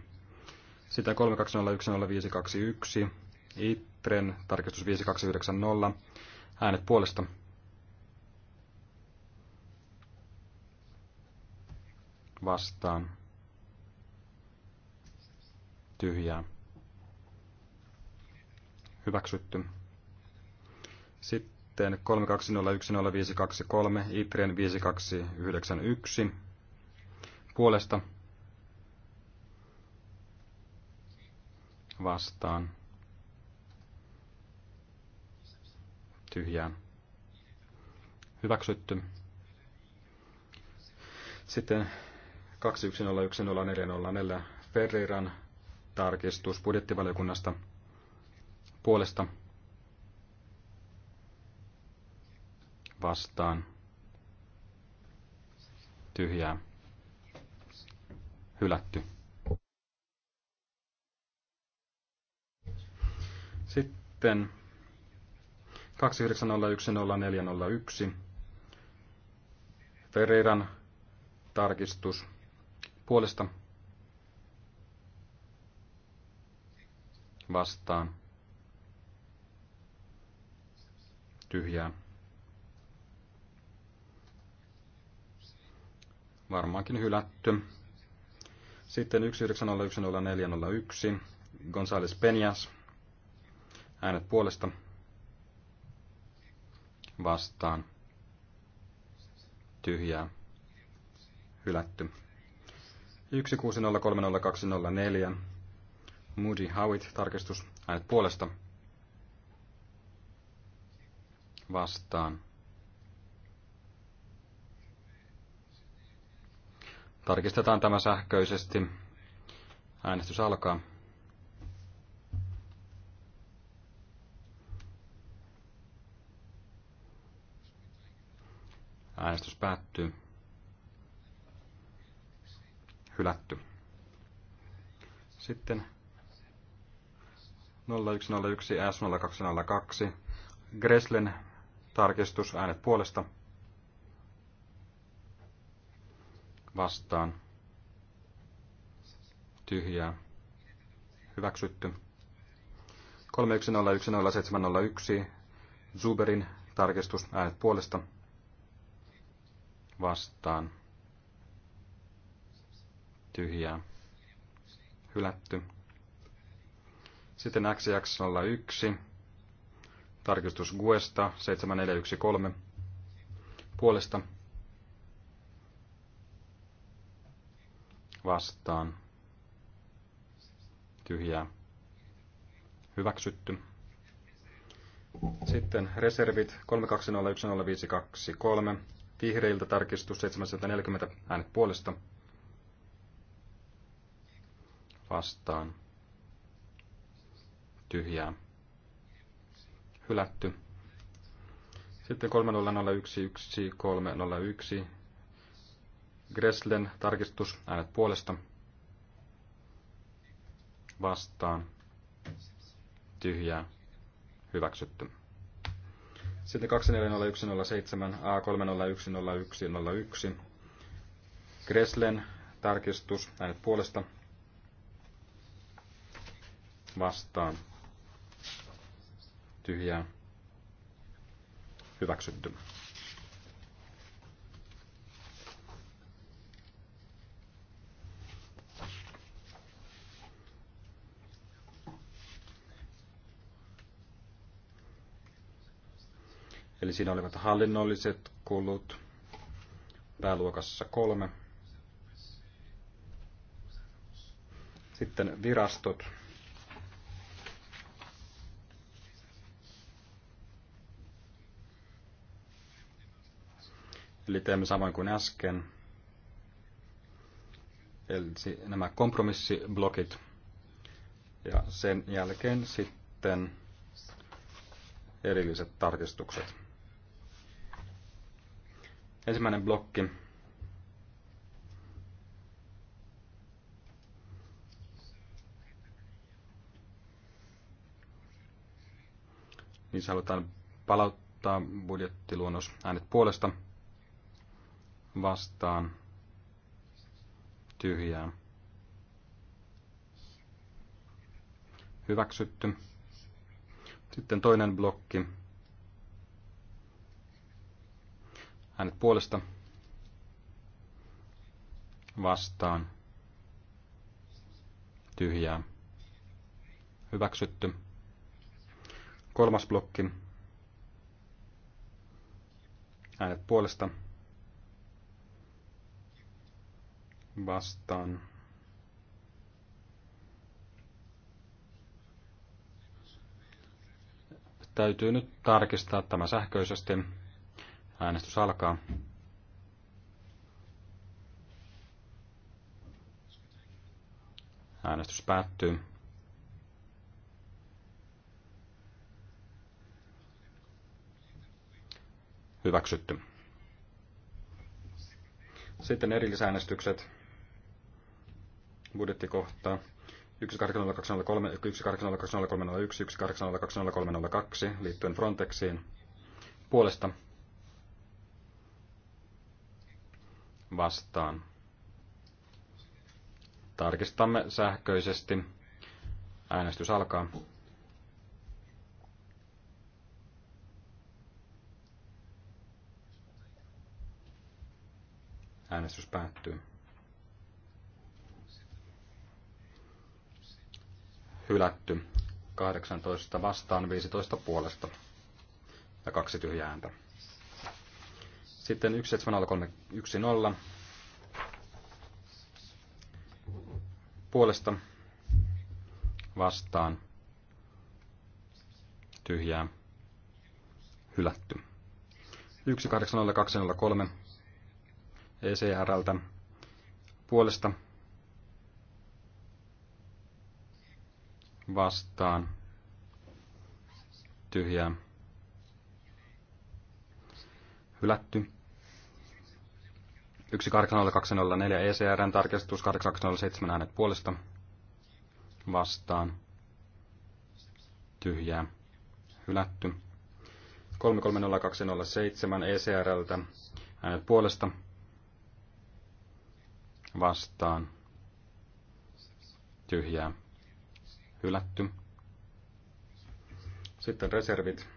Sitä 32010521, ITREN tarkistus 5290, äänet puolesta. Vastaan. Tyhjää. Hyväksytty. Sitten sitten 32010523 Itrien 5291 puolesta vastaan tyhjään. hyväksytty. Sitten 2101404 ferriran tarkistus budjettivaliokunnasta puolesta vastaan tyhjää hylätty. Sitten 29010401 Ferreiran tarkistus puolesta vastaan tyhjää varmaankin hylätty. Sitten 1901-0401, González Peñas, äänet puolesta vastaan, tyhjää, hylätty. 1603-0204, Moody Howitt, tarkistus, äänet puolesta vastaan, Tarkistetaan tämä sähköisesti. Äänestys alkaa. Äänestys päättyy. Hylätty. Sitten 0101 S0202 Greslen tarkistus äänet puolesta vastaan tyhjää hyväksytty. 3101701 Zuberin tarkistus äänet puolesta vastaan tyhjää hylätty. Sitten XX01 tarkistus Guesta 7413 puolesta vastaan tyhjää hyväksytty. Sitten reservit 32010523, vihreiltä tarkistus 740 äänet puolesta vastaan tyhjää hylätty. Sitten 30111301 Gresslen tarkistus, äänet puolesta. Vastaan. Tyhjää. Hyväksytty. Sitten 240107 A301101. Gresslen tarkistus, äänet puolesta. Vastaan. Tyhjää. Hyväksytty. Eli siinä olivat hallinnolliset kulut pääluokassa kolme. Sitten virastot. Eli teemme samoin kuin äsken. Eli nämä kompromissiblokit. Ja sen jälkeen sitten erilliset tarkistukset. Ensimmäinen blokki. Niissä halutaan palauttaa budjettiluonnos äänet puolesta vastaan tyhjää. Hyväksytty. Sitten toinen blokki. hänet puolesta vastaan tyhjää hyväksytty. Kolmas blokki. Äänet puolesta vastaan täytyy nyt tarkistaa tämä sähköisesti. Äänestys alkaa. Äänestys päättyy. Hyväksytty. Sitten erillisäänestykset. Budjettikohta 180203, 18020301, 18020302 liittyen Frontexiin. Puolesta vastaan. Tarkistamme sähköisesti. Äänestys alkaa. Äänestys päättyy. Hylätty. 18 vastaan 15 puolesta ja kaksi tyhjää ääntä. Sitten 17.03.1.0. puolesta vastaan tyhjää hylätty. 180203 ECRltä puolesta vastaan tyhjää hylätty. 18024 ECRn tarkistus 8207 äänet puolesta vastaan tyhjää hylätty. 330207 ECRltä äänet puolesta vastaan tyhjää hylätty. Sitten reservit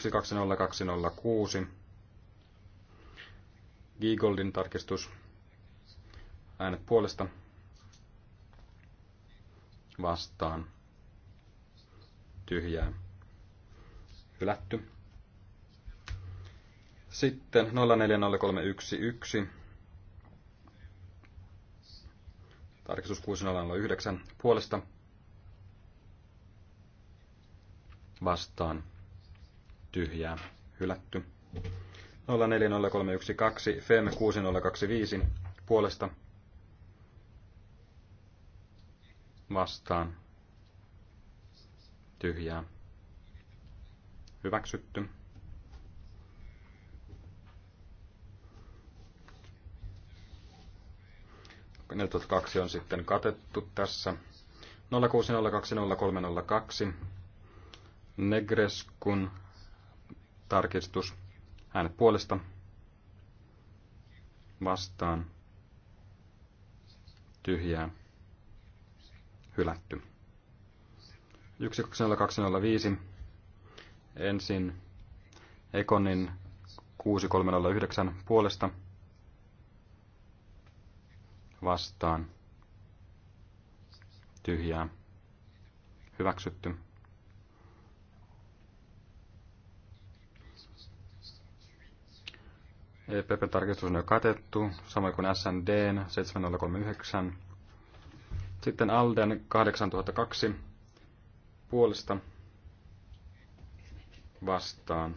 120206 Giegoldin tarkistus. Äänet puolesta vastaan tyhjää hylätty. Sitten 040311 tarkistus 6009 puolesta vastaan tyhjää hylätty. 040312, FEM 6025 puolesta vastaan tyhjää. Hyväksytty. kaksi on sitten katettu tässä. 06020302 Negreskun tarkistus Äänet puolesta vastaan tyhjää hylätty. 120205 ensin Ekonin 6309 puolesta vastaan tyhjää hyväksytty. epp tarkistus on jo katettu, samoin kuin SND 7039. Sitten Alden 8002 puolesta vastaan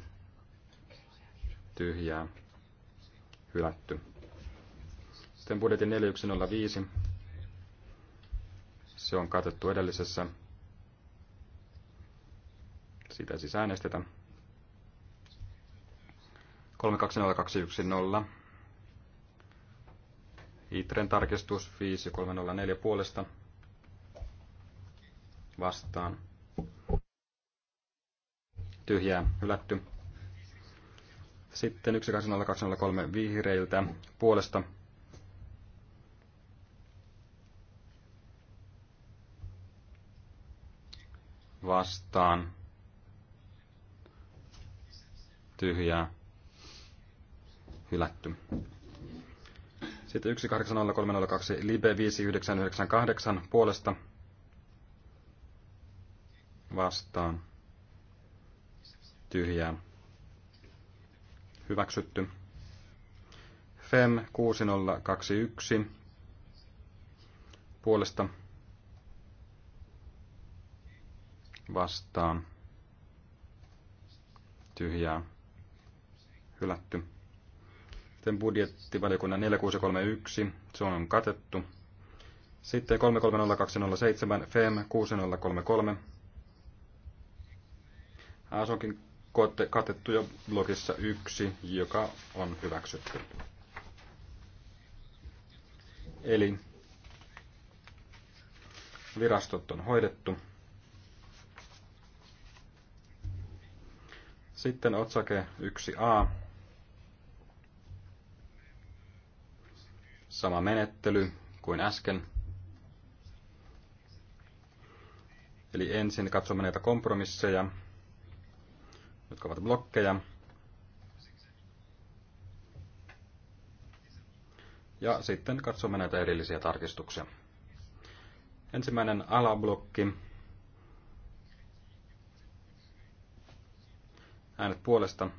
tyhjää hylätty. Sitten budjetin 4105. Se on katettu edellisessä. Sitä siis äänestetään. 320210. Itren tarkistus 5304 puolesta vastaan. Tyhjää hylätty. Sitten 120203 vihreiltä puolesta vastaan tyhjää hylätty. Sitten 180302 Libe 5998 puolesta vastaan tyhjää hyväksytty. FEM 6021 puolesta vastaan tyhjää hylätty. Sitten budjettivaliokunnan 4631, se on katettu. Sitten 330207, FEM 6033. se onkin katettu jo blogissa 1, joka on hyväksytty. Eli virastot on hoidettu. Sitten otsake 1a, sama menettely kuin äsken. Eli ensin katsomme näitä kompromisseja, jotka ovat blokkeja. Ja sitten katsomme näitä erillisiä tarkistuksia. Ensimmäinen alablokki. Äänet puolesta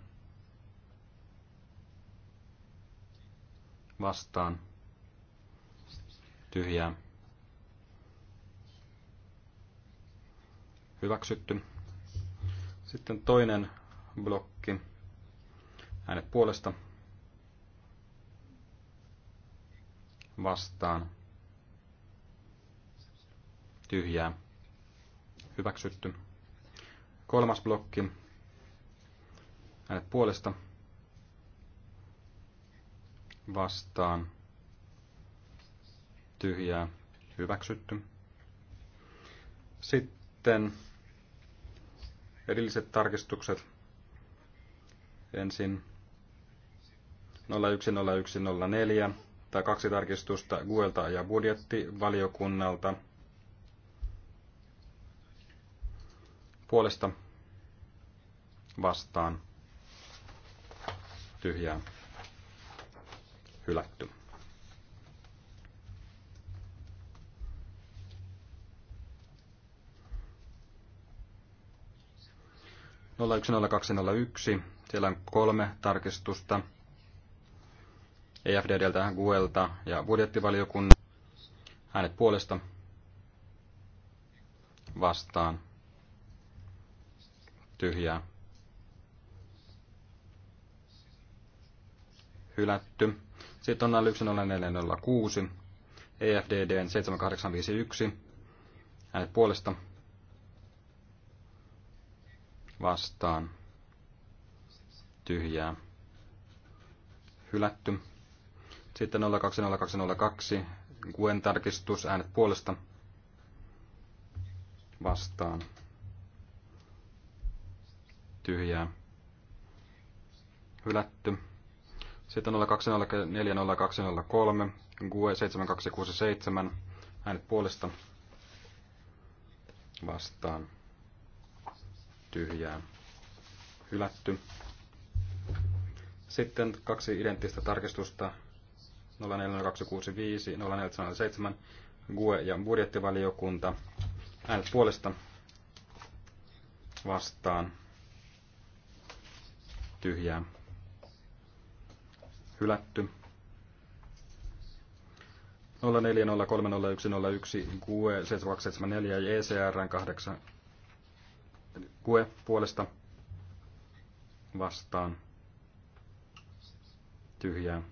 vastaan tyhjää. Hyväksytty. Sitten toinen blokki. Äänet puolesta. Vastaan. Tyhjää. Hyväksytty. Kolmas blokki. Äänet puolesta. Vastaan tyhjää hyväksytty. Sitten erilliset tarkistukset. Ensin 010104 tai kaksi tarkistusta Guelta ja budjettivaliokunnalta puolesta vastaan tyhjää hylätty. 010201. Siellä on kolme tarkistusta. EFDDltä, GUELta ja budjettivaliokunnan. Äänet puolesta vastaan. Tyhjää. Hylätty. Sitten on 010406 EFDDn 7851. Äänet puolesta vastaan tyhjää hylätty. Sitten 020202 Kuen tarkistus äänet puolesta vastaan tyhjää hylätty. Sitten 02040203 GUE 7267 äänet puolesta vastaan tyhjää hylätty. Sitten kaksi identtistä tarkistusta 04265, 0407, GUE ja budjettivaliokunta. Äänet puolesta vastaan tyhjää hylätty. 04030101 GUE 7274 ja ECR 8 Kue puolesta vastaan tyhjää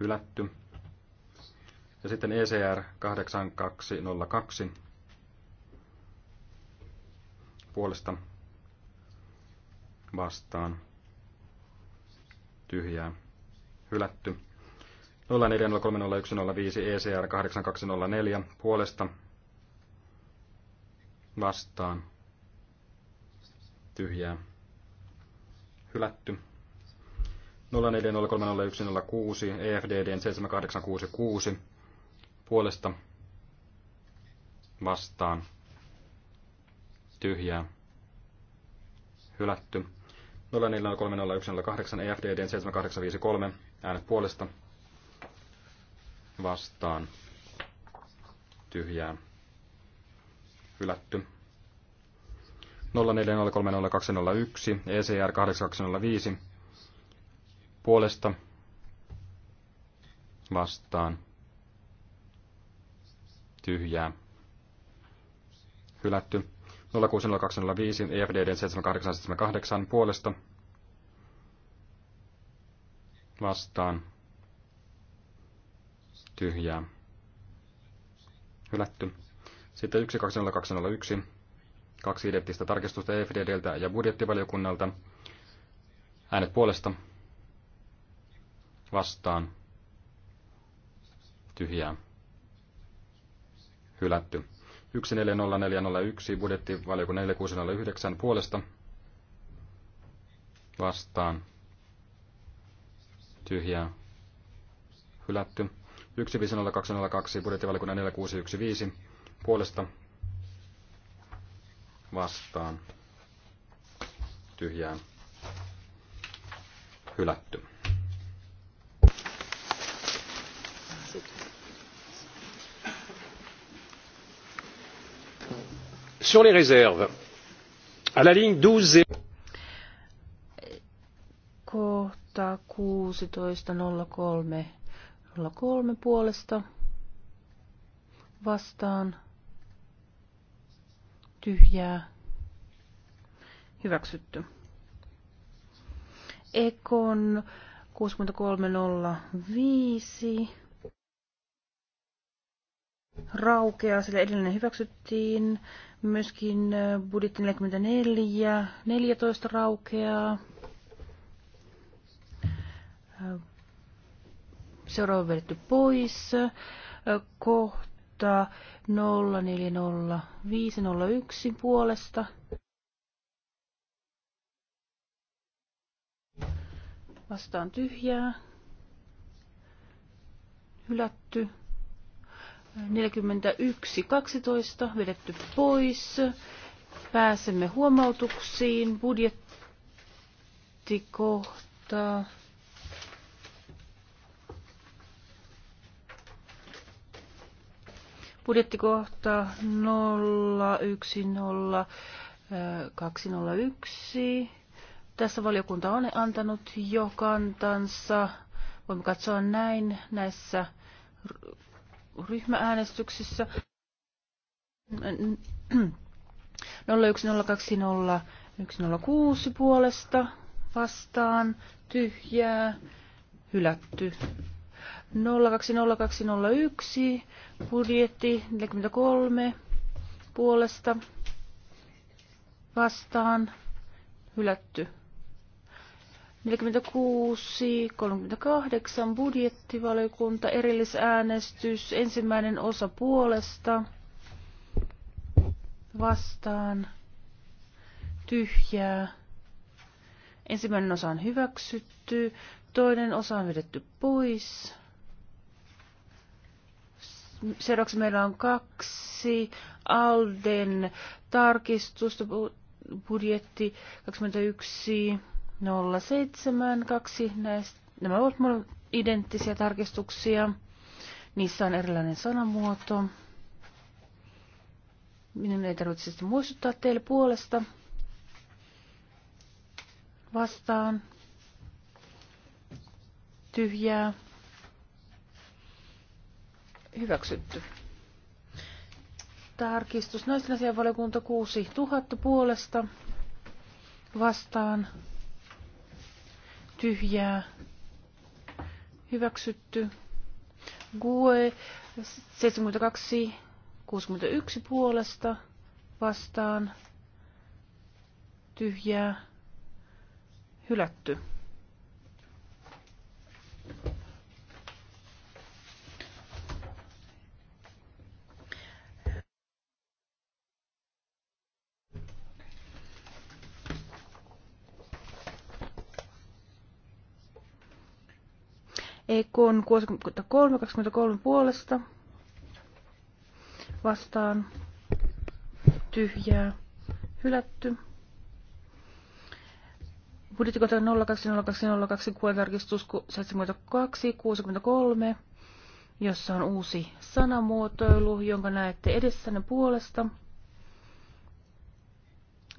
hylätty. Ja sitten ECR 8202 puolesta vastaan tyhjää hylätty. 0403015 ECR 8204 puolesta vastaan tyhjää hylätty. 04030106 EFDDn 7866 puolesta vastaan tyhjää hylätty. 04030108 EFDDn 7853 äänet puolesta vastaan tyhjää hylätty. 04030201, ECR 8205 puolesta vastaan tyhjää hylätty. 060205 EFDD 7878 puolesta vastaan tyhjää hylätty. Sitten 120201 Kaksi identtistä tarkistusta EFDDltä ja budjettivaliokunnalta. Äänet puolesta. Vastaan. Tyhjää. Hylätty. 140401 budjettivaliokunnan 4609 puolesta. Vastaan. Tyhjää. Hylätty. 150202 budjettivaliokunnan 4615 puolesta vastaan tyhjää hylätty. Sur les réserves, à la ligne 12 et... Kohta 16.03.03 puolesta vastaan tyhjää hyväksytty. Ekon 6305 raukeaa, sillä edellinen hyväksyttiin. Myöskin äh, budjetti 44, 14 raukeaa. Äh, seuraava on vedetty pois. Äh, kohta muuttaa 040501 puolesta. Vastaan tyhjää. Hylätty. 41, 12 vedetty pois. Pääsemme huomautuksiin. Budjettikohta Budjettikohta 010201. Äh, Tässä valiokunta on antanut jo kantansa. Voimme katsoa näin näissä ryhmääänestyksissä. 01020 puolesta vastaan tyhjää hylätty. 020201, budjetti 43 puolesta vastaan hylätty. 46, 38, budjettivaliokunta, erillisäänestys, ensimmäinen osa puolesta, vastaan, tyhjää, ensimmäinen osa on hyväksytty, toinen osa on vedetty pois. Seuraavaksi meillä on kaksi Alden tarkistusta budjetti 21.072. näistä. Nämä ovat identtisiä tarkistuksia. Niissä on erilainen sanamuoto. Minun ei tarvitse sitä muistuttaa teille puolesta. Vastaan. Tyhjää. Hyväksytty. Tarkistus. Naisten asianvaliokunta 6 000 puolesta vastaan. Tyhjää. Hyväksytty. GUE 72 61 puolesta vastaan tyhjää, hylätty. Ekon 63, 23 puolesta vastaan tyhjää hylätty. Budjettikohta 0202026 tarkistus 72, 63, jossa on uusi sanamuotoilu, jonka näette edessänne puolesta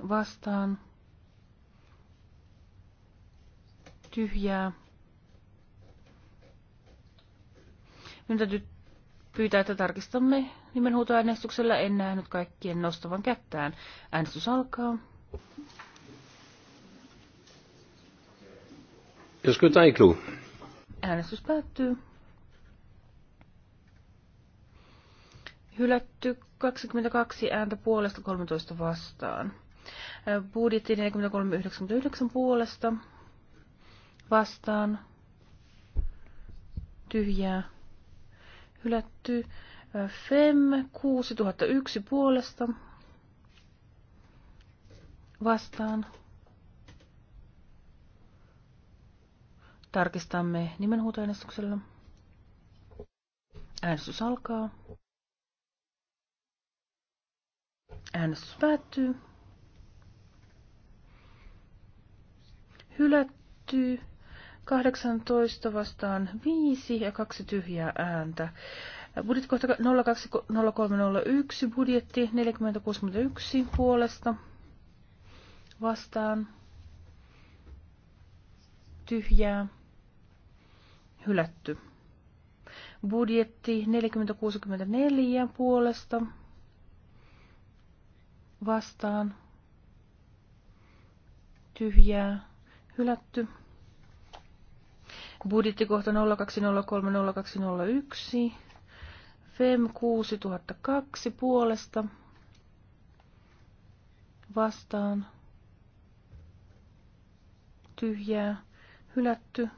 vastaan tyhjää Nyt täytyy pyytää, että tarkistamme nimenhuutoäänestyksellä. En nähnyt kaikkien nostavan kättään. Äänestys alkaa. Joskus aikluu. Äänestys päättyy. Hylätty 22 ääntä puolesta 13 vastaan. Budjetti 43,99 puolesta vastaan. Tyhjää hylätty. FEM 6001 puolesta vastaan. Tarkistamme nimenhuutoäänestyksellä. Äänestys alkaa. Äänestys päättyy. Hylättyy 18 vastaan 5 ja kaksi tyhjää ääntä. Budjettikohta 020301, budjetti 4061 puolesta vastaan tyhjää hylätty. Budjetti 4064 puolesta vastaan tyhjää hylätty budjettikohta 02030201, FEM 6002 puolesta, vastaan, tyhjää, hylätty,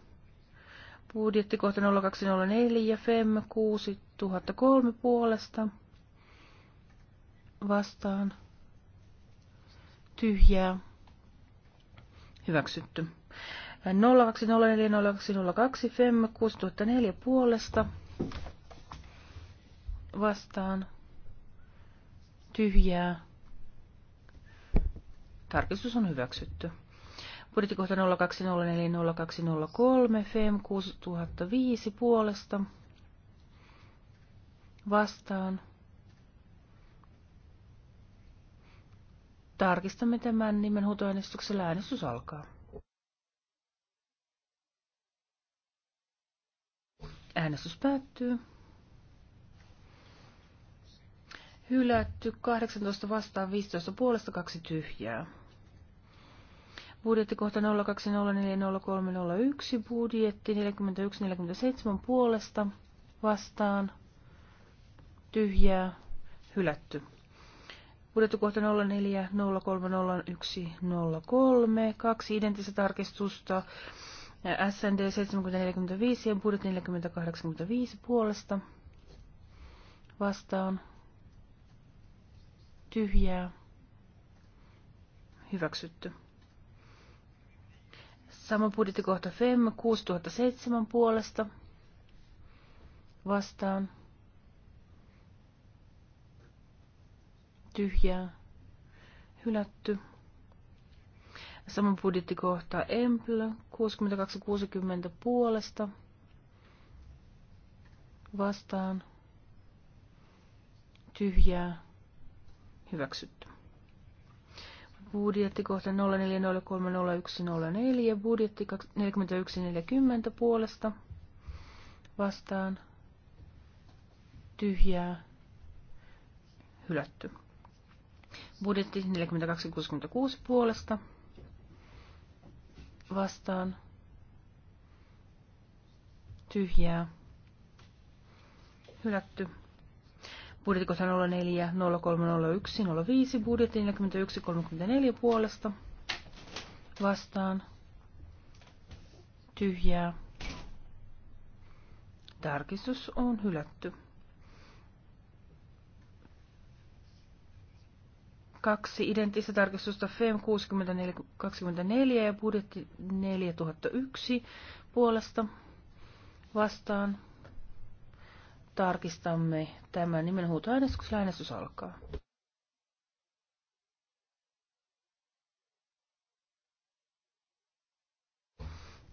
budjettikohta 0204, FEM 6003 puolesta, vastaan, tyhjää, hyväksytty. 02040202 FEM 6004 puolesta vastaan tyhjää. Tarkistus on hyväksytty. Budjettikohta 02040203 FEM 6005 puolesta vastaan. Tarkistamme tämän nimenhuutoäänestyksellä. Äänestys alkaa. Äänestys päättyy. Hylätty 18 vastaan 15 puolesta kaksi tyhjää. Budjettikohta 02040301, budjetti 4147 puolesta vastaan tyhjää hylätty. Budjettikohta 04030103, kaksi identtistä tarkistusta SND 7045 ja budjetti 4085 puolesta vastaan tyhjää hyväksytty. Sama budjettikohta FEM e 6007 puolesta vastaan tyhjää hylätty. Saman budjettikohta Empl 6260 puolesta vastaan tyhjää hyväksytty. Budjettikohta 04030104, budjetti 4140 puolesta vastaan tyhjää hylätty. Budjetti 4266 puolesta vastaan tyhjää hylätty. Budjettikohta 04, 0301, 05, budjetti 34 puolesta vastaan tyhjää. Tarkistus on hylätty. kaksi identtistä tarkistusta FEM 6024 ja budjetti 4001 puolesta vastaan. Tarkistamme tämän nimenhuutoäänestys. Äänestys alkaa.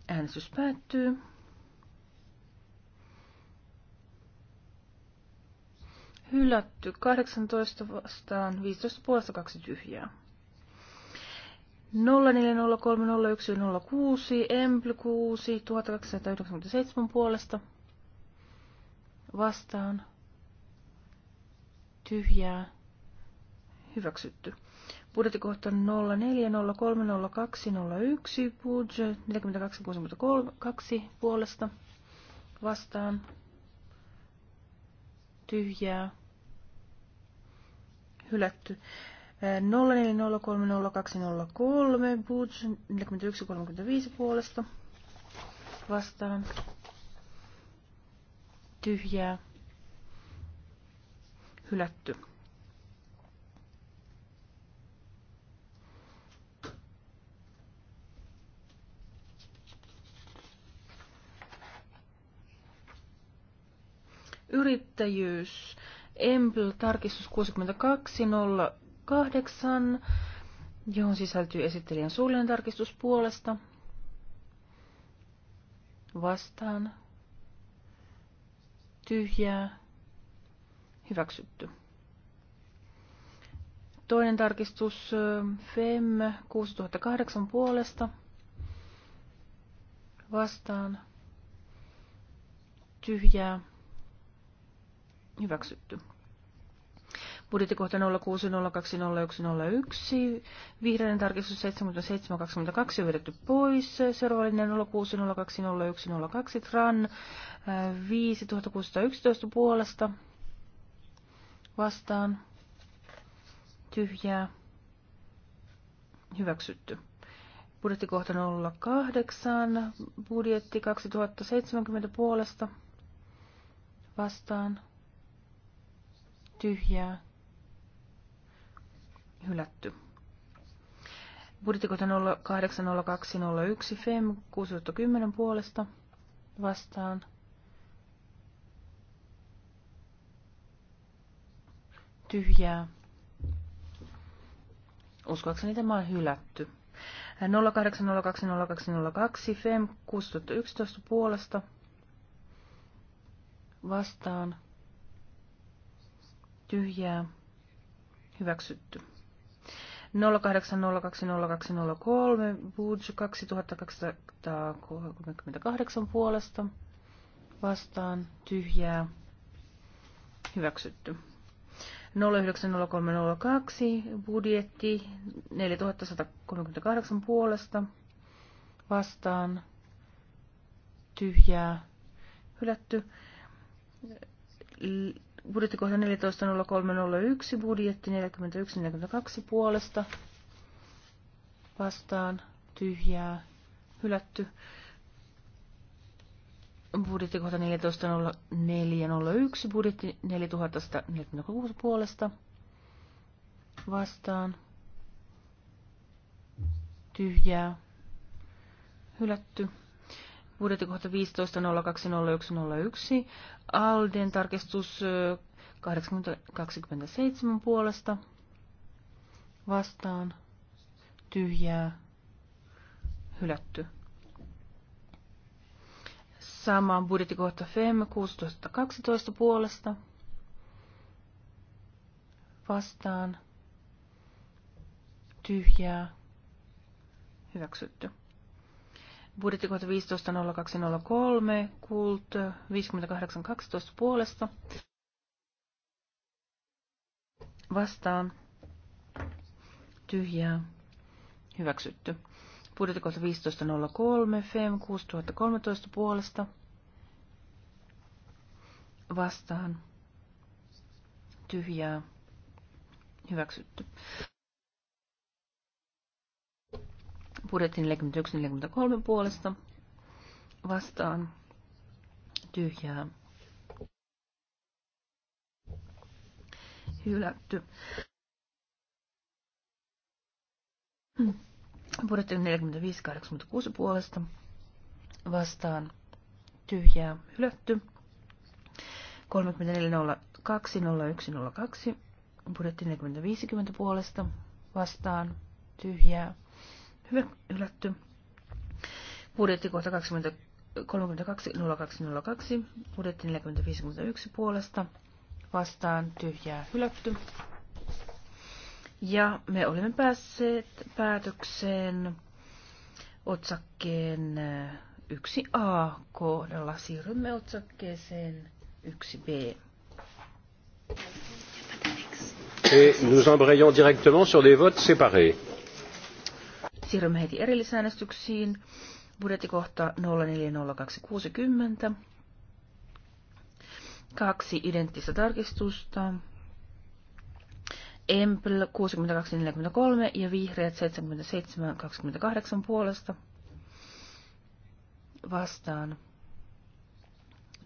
Äänestys päättyy. hylätty 18 vastaan 15 puolesta kaksi tyhjää. 0403016 Empl 6 1297 puolesta vastaan tyhjää hyväksytty. Budjettikohta 04030201 budget 4262 puolesta vastaan tyhjää hylätty. 0403203, Boots 4135 puolesta vastaan. Tyhjää. Hylätty. Yrittäjyys Empl-tarkistus 6208, johon sisältyy esittelijän suullinen tarkistus puolesta. Vastaan. Tyhjää. Hyväksytty. Toinen tarkistus FEM 6008 puolesta. Vastaan. Tyhjää. Hyväksytty. Budjettikohta 06020101, vihreinen tarkistus 7722 on vedetty pois, seuraavallinen 06020102, TRAN 5611 äh, puolesta vastaan, tyhjää, hyväksytty. Budjettikohta 08, budjetti 2070 puolesta vastaan, tyhjää, hylätty. Budjettikohta 080201 FEM 610 puolesta vastaan. Tyhjää. Uskoakseni tämä on hylätty. 08020202 FEM 611 puolesta vastaan tyhjää hyväksytty. 08020203 Budge 2238 puolesta vastaan tyhjää hyväksytty. 090302 budjetti 4138 puolesta vastaan tyhjää hylätty budjettikohta 14.03.01, budjetti 41.42 puolesta vastaan, tyhjää, hylätty. Budjettikohta 14.04.01, budjetti 4146 puolesta vastaan, tyhjää, hylätty budjettikohta 15.02.01.01, Alden tarkistus 8027 puolesta vastaan tyhjää hylätty. Sama budjettikohta FEM 16.12 puolesta vastaan tyhjää hyväksytty budjetti 15.0203, kult 58.12 puolesta. Vastaan tyhjää hyväksytty. Budjetti 15.03, FEM 6013 puolesta. Vastaan tyhjää hyväksytty budjetin 41-43 puolesta vastaan tyhjää. Hylätty. Budjetti 45-86 puolesta vastaan tyhjää hylätty. 34-02-01-02 budjetti 50 puolesta vastaan tyhjää Hyvä, hylätty. Budjettikohta 32.02.02, budjetti 45.51 puolesta, vastaan tyhjää hylätty. Ja me olemme päässeet päätökseen otsakkeen 1a kohdalla. Siirrymme otsakkeeseen 1b. Et nous embrayons directement sur des votes séparés. Siirrymme heti erillisäänestyksiin. Budjettikohta 040260. Kaksi identtistä tarkistusta. Empel 6243 ja vihreät 7728 puolesta vastaan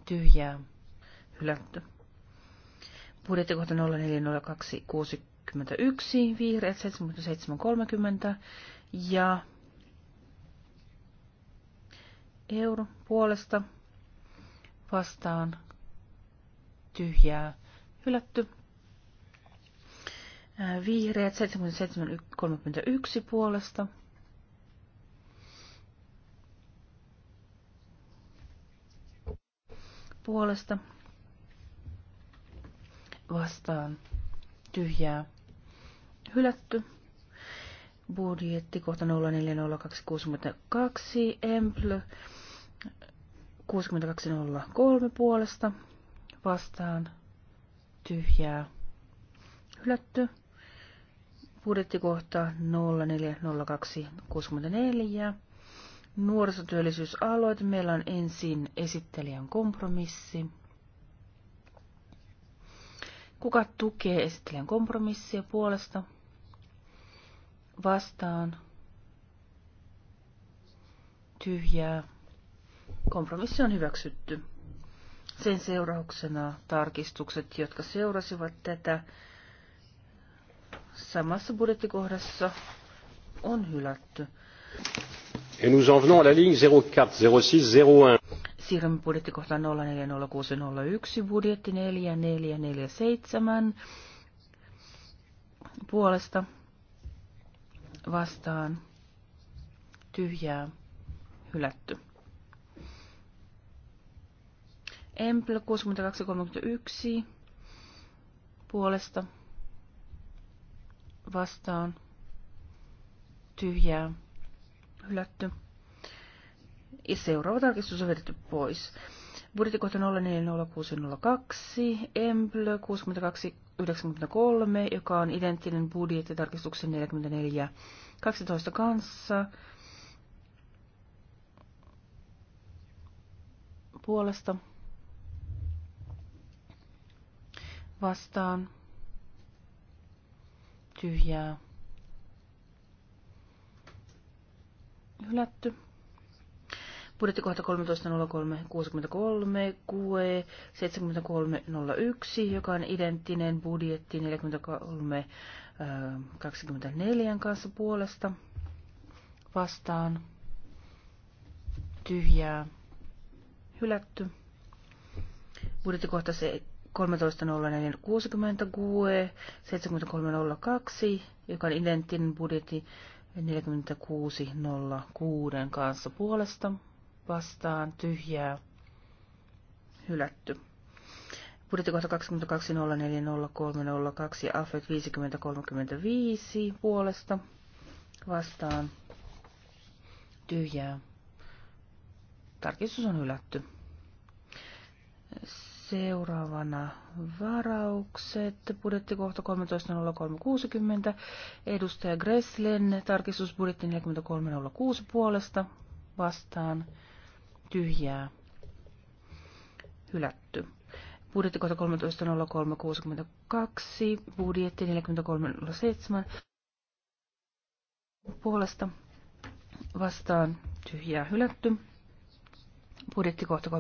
tyhjää hylätty. Budjettikohta 040261, vihreät 7730 ja euro puolesta vastaan tyhjää hylätty. Vihreät 77,31 puolesta. Puolesta vastaan tyhjää hylätty budjetti kohta 040262, Empl 6203 puolesta vastaan tyhjää hylätty. Budjettikohta 040264. Nuorisotyöllisyysaloite. Meillä on ensin esittelijän kompromissi. Kuka tukee esittelijän kompromissia puolesta? vastaan tyhjää. Kompromissi on hyväksytty. Sen seurauksena tarkistukset, jotka seurasivat tätä samassa budjettikohdassa, on hylätty. Et nous en venons à la ligne 040601. Siirrymme budjettikohtaan 040601, budjetti 4447 puolesta vastaan tyhjää hylätty. Empel 6231 puolesta vastaan tyhjää hylätty. Ja seuraava tarkistus on vedetty pois budjettikohta 040602, Emple 6293, joka on identtinen budjettitarkistuksen 4412 kanssa. Puolesta vastaan tyhjää hylätty budjettikohta 13.03.63, QE 73.01, joka on identtinen budjetti 43.24 kanssa puolesta vastaan tyhjää hylätty. Budjettikohta 13.04.60 QE 73.02, joka on identtinen budjetti 46.06 kanssa puolesta vastaan tyhjää hylätty. Budjettikohta 22.04.03.02 AFET 50.35 puolesta vastaan tyhjää. Tarkistus on hylätty. Seuraavana varaukset. Budjettikohta 13.03.60. Edustaja Gresslen tarkistus budjetti 43.06 puolesta vastaan tyhjää hylätty. Budjetti 13.03.62, budjetti 43.07 puolesta vastaan tyhjää hylätty. Budjetti kohta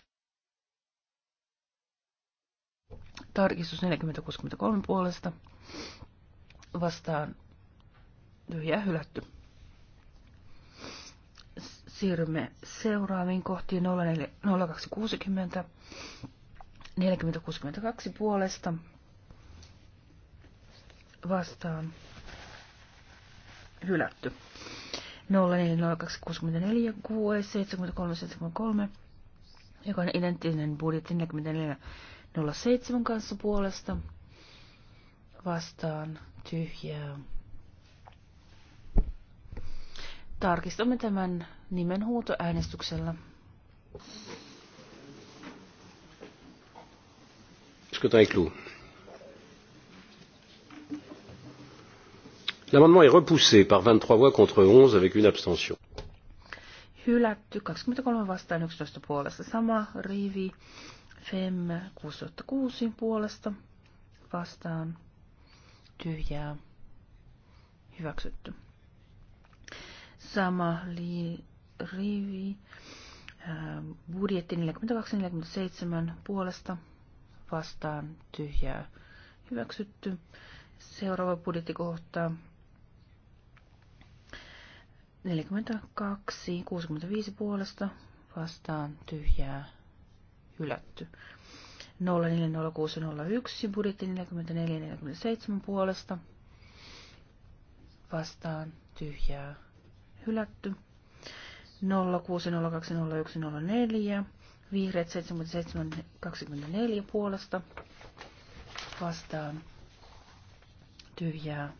13.04.60. Tarkistus 40.63 puolesta vastaan tyhjää hylätty siirrymme seuraaviin kohtiin 0260 4062 puolesta vastaan hylätty. 040264 joka on identtinen budjetti 4407 kanssa puolesta vastaan tyhjää. Tarkistamme tämän nimenhuutoäänestyksellä. Scrutin clos. L'amendement est repoussé par 23 voix contre 11 avec une abstention. Hylätty 23 vastaan 11 puolesta. Sama rivi. FEM 606 puolesta vastaan tyhjää hyväksytty. Sama li- rivi. Budjetti 42-47 puolesta vastaan tyhjää hyväksytty. Seuraava budjettikohta 42, 65 puolesta vastaan tyhjää hylätty. 040601 budjetti 4447 puolesta vastaan tyhjää hylätty. 06020104, vihreät 7724 puolesta vastaan tyhjää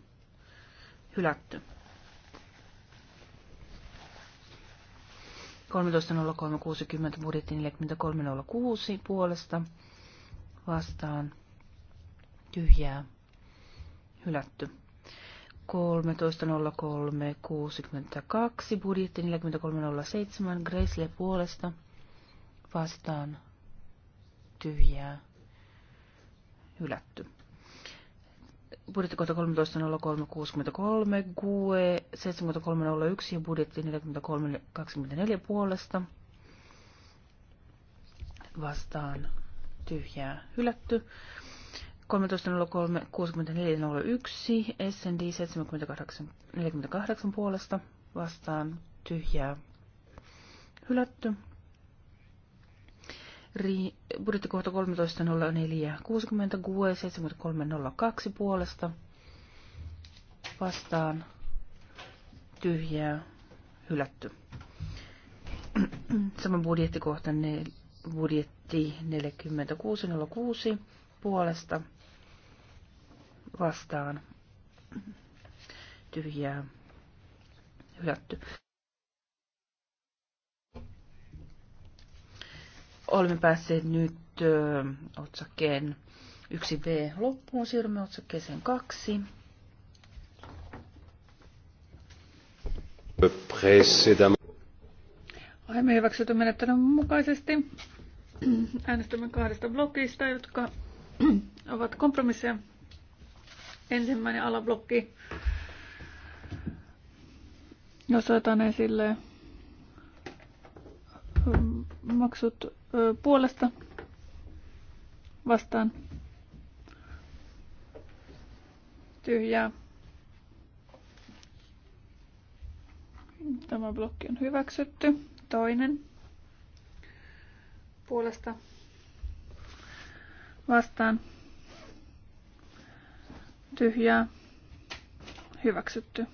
hylätty. 13.03.60 budjetti 43.06 puolesta vastaan tyhjää hylätty. 13.03.62, budjetti 43.07, Gracele puolesta vastaan tyhjää hylätty. Budjetti 13.03.63, GUE 73.01 ja budjetti 43.24 puolesta vastaan tyhjää hylätty. 13.03.64.01, SND 78.48 puolesta vastaan tyhjää hylätty. Ri, budjettikohta 13.04.60, GUE 73.02 puolesta vastaan tyhjää hylätty. Sama budjettikohta ne, budjetti 46.06 puolesta vastaan tyhjää hylätty. Olemme päässeet nyt ö, otsakkeen 1b loppuun. Siirrymme otsakkeeseen 2. Aiemmin hyväksytty menettelyn mukaisesti äänestämme kahdesta blogista, jotka ovat kompromisseja ensimmäinen alablokki, jos otetaan esille mm, maksut puolesta vastaan tyhjää. Tämä blokki on hyväksytty. Toinen puolesta vastaan tyhjää, hyväksytty.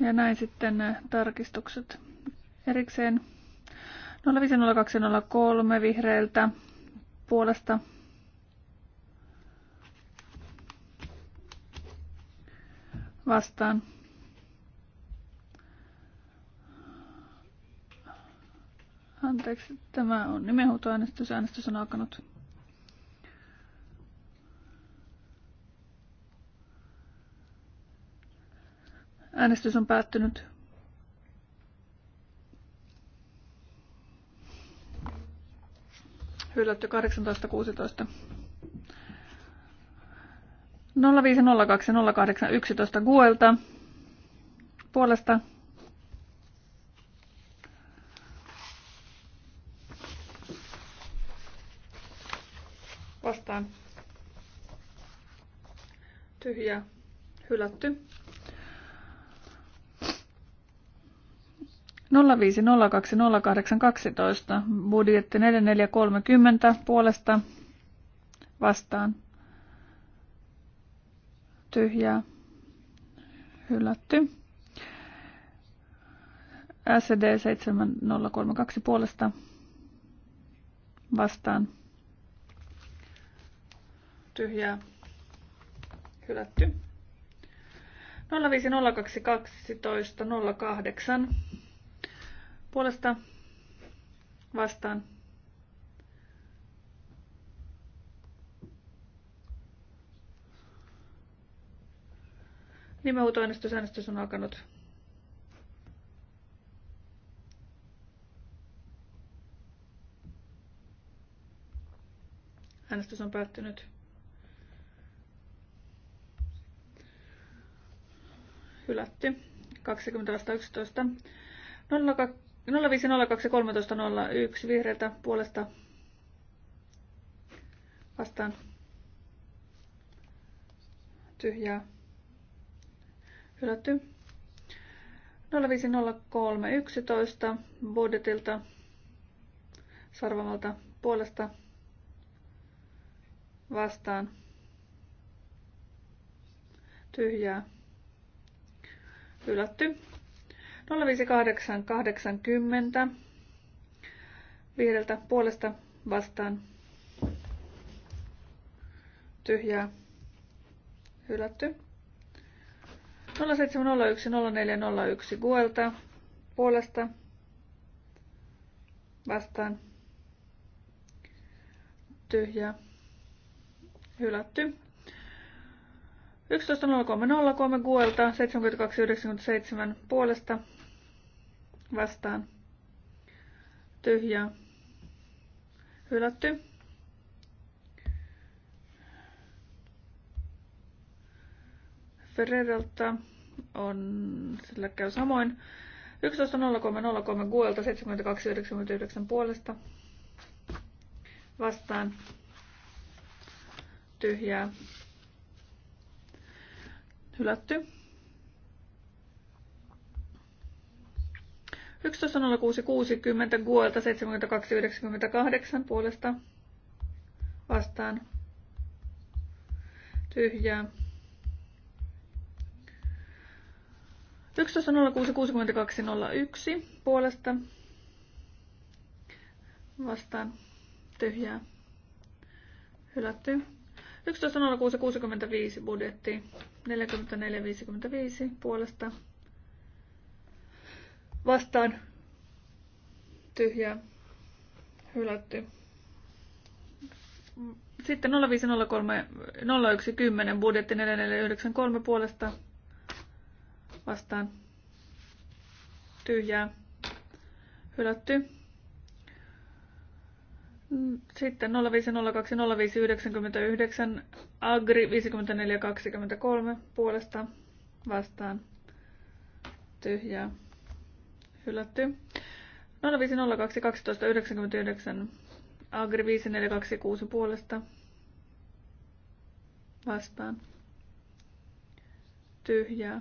Ja näin sitten äh, tarkistukset erikseen. 050203 vihreiltä puolesta vastaan. Anteeksi, tämä on nimenhuutoäänestys. Äänestys on alkanut. Äänestys on päättynyt. Hylätty 18.16. 05020811 Guelta puolesta vastaan tyhjä hylätty 05020812 budjetti 4430 puolesta vastaan tyhjää hylätty. SED 7032 puolesta vastaan tyhjää hylätty. 050212 08 puolesta vastaan. Nimenhuutoäänestysäänestys niin, on alkanut. Äänestys on päättynyt. Hylätty. 20 11. 05021301 vihreältä puolesta vastaan tyhjää hylätty. 050311 budjetilta Sarvamalta puolesta vastaan tyhjää hylätty. 05880 viideltä puolesta vastaan tyhjää hylätty. 07010401 Guelta puolesta vastaan tyhjää hylätty. 11.03.03 Guelta 72.97 puolesta vastaan tyhjää hylätty. Ferrerelta on, sillä käy samoin. 11.03.03 Guelta 72.99 puolesta vastaan tyhjää hylätty. 11.06.60 Guelta 72.98 puolesta vastaan tyhjää. 11.06.62.01 puolesta vastaan tyhjää. Hylätty. 11.06.65 budjetti 44.55 puolesta vastaan tyhjää hylätty. Sitten 0503 0110 budjetti 4493 puolesta vastaan tyhjää hylätty. Sitten 0502-0599 Agri 5423 puolesta vastaan tyhjää hylätty. 0502 Agri 5426 puolesta vastaan. Tyhjää.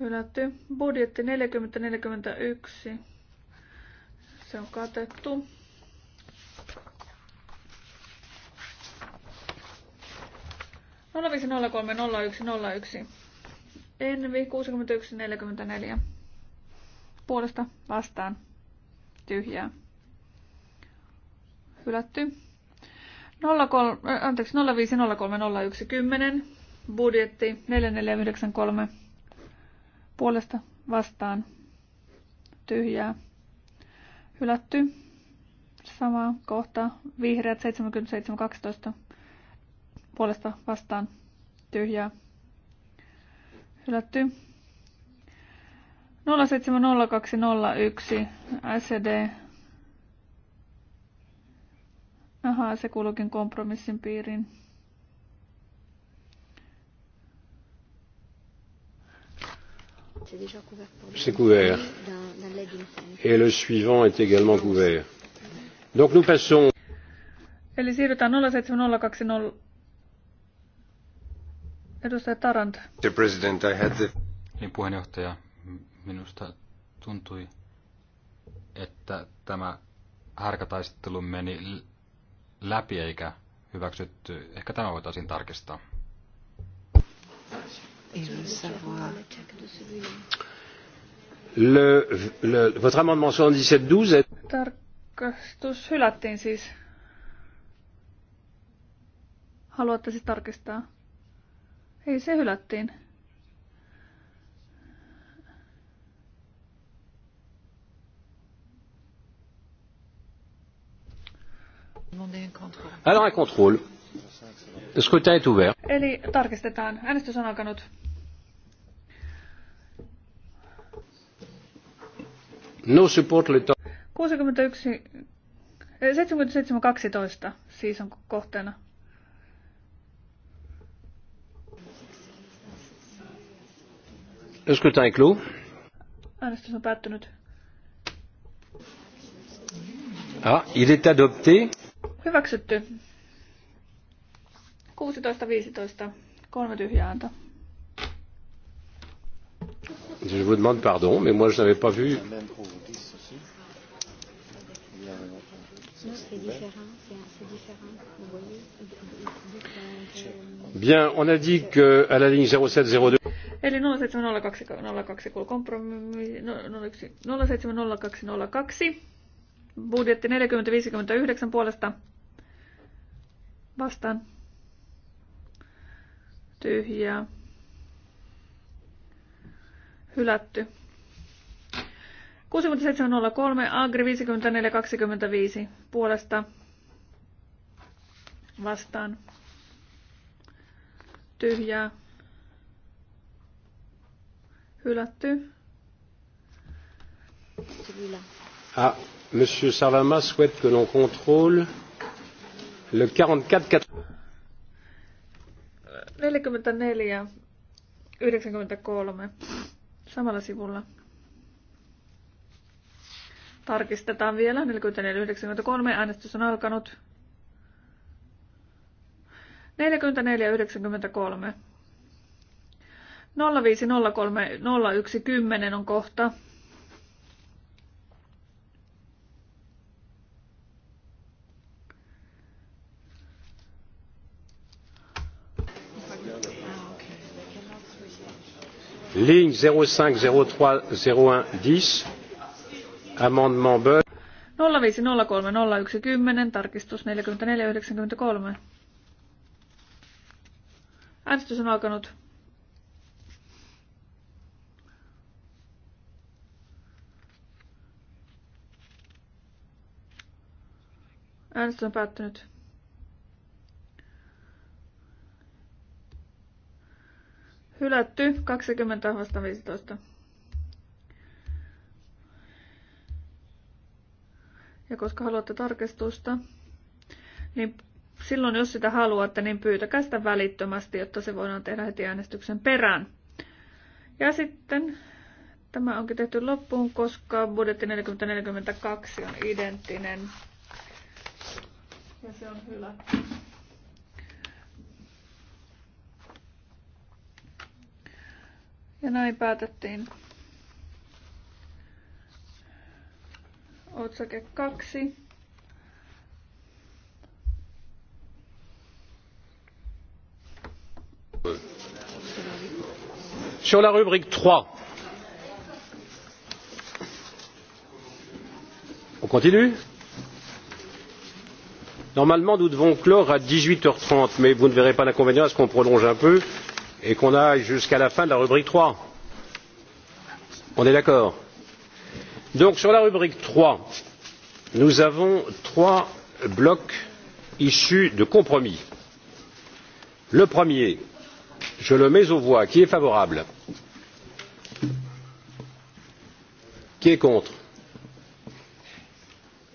Hylätty. Budjetti 4041. Se on katettu. Nolla viisi nolla kolme nolla yksi nolla yksi. Envi 6144. Puolesta vastaan. Tyhjää. Hylätty. 03, anteeksi, 0503010. Budjetti 4493. Puolesta vastaan. Tyhjää. Hylätty. Sama kohta. Vihreät 7712. Puolesta vastaan. Tyhjää Hylätty. 070201 SED. Ahaa, se kuuluukin kompromissin piiriin. C'est couvert. Et le suivant est également couvert. Donc nous passons. Eli siirrytään 07020 Edustaja Tarant. The president, I had the... Niin puheenjohtaja, minusta tuntui, että tämä härkätaistelu meni läpi eikä hyväksytty. Ehkä tämä voitaisiin tarkistaa. Le, le, votre amendement 7712 est... Tarkastus hylättiin siis. Haluatte siis tarkistaa? Ei, se hylättiin. Alors un contrôle. Le scrutin est ouvert. Eli tarkistetaan. Äänestys on alkanut. No support le 61, 77.12 eh, siis on kohteena. Le scrutin est clos. Äänestys on päättynyt. Ah, il est adopté. Hyväksytty. 16-15. Kolme tyhjää ääntä. Je vous demande pardon, mais moi je n'avais pas vu. Bien, on a dit qu'à la ligne 0702. Eli 070202 kompromissi, 070202, no, no, budjetti 4059 puolesta vastaan. Tyhjää. Hylätty. 6703, Agri 5425 puolesta vastaan. Tyhjää Hylätty. Ah, Monsieur Sarvama souhaite que l'on contrôle le 44... 44 samalla sivulla. Tarkistetaan vielä. 4493 äänestys on alkanut. 4493. 0503 on kohta. Ligne 05030110, amendement B. 0503010, tarkistus 4493. Äänestys on alkanut. Äänestys on päättynyt. Hylätty 20 vasta 15. Ja koska haluatte tarkistusta, niin silloin jos sitä haluatte, niin pyytäkää sitä välittömästi, jotta se voidaan tehdä heti äänestyksen perään. Ja sitten tämä onkin tehty loppuun, koska budjetti 4042 on identtinen ja se on hylätty. Ja näin päätettiin otsake 2. Sur la rubrique 3. On continue normalement nous devons clore à dix huit h trente mais vous ne verrez pas d'inconvénient à ce qu'on prolonge un peu et qu'on aille jusqu'à la fin de la rubrique. trois on est d'accord? donc sur la rubrique trois nous avons trois blocs issus de compromis. le premier je le mets aux voix qui est favorable? qui est contre?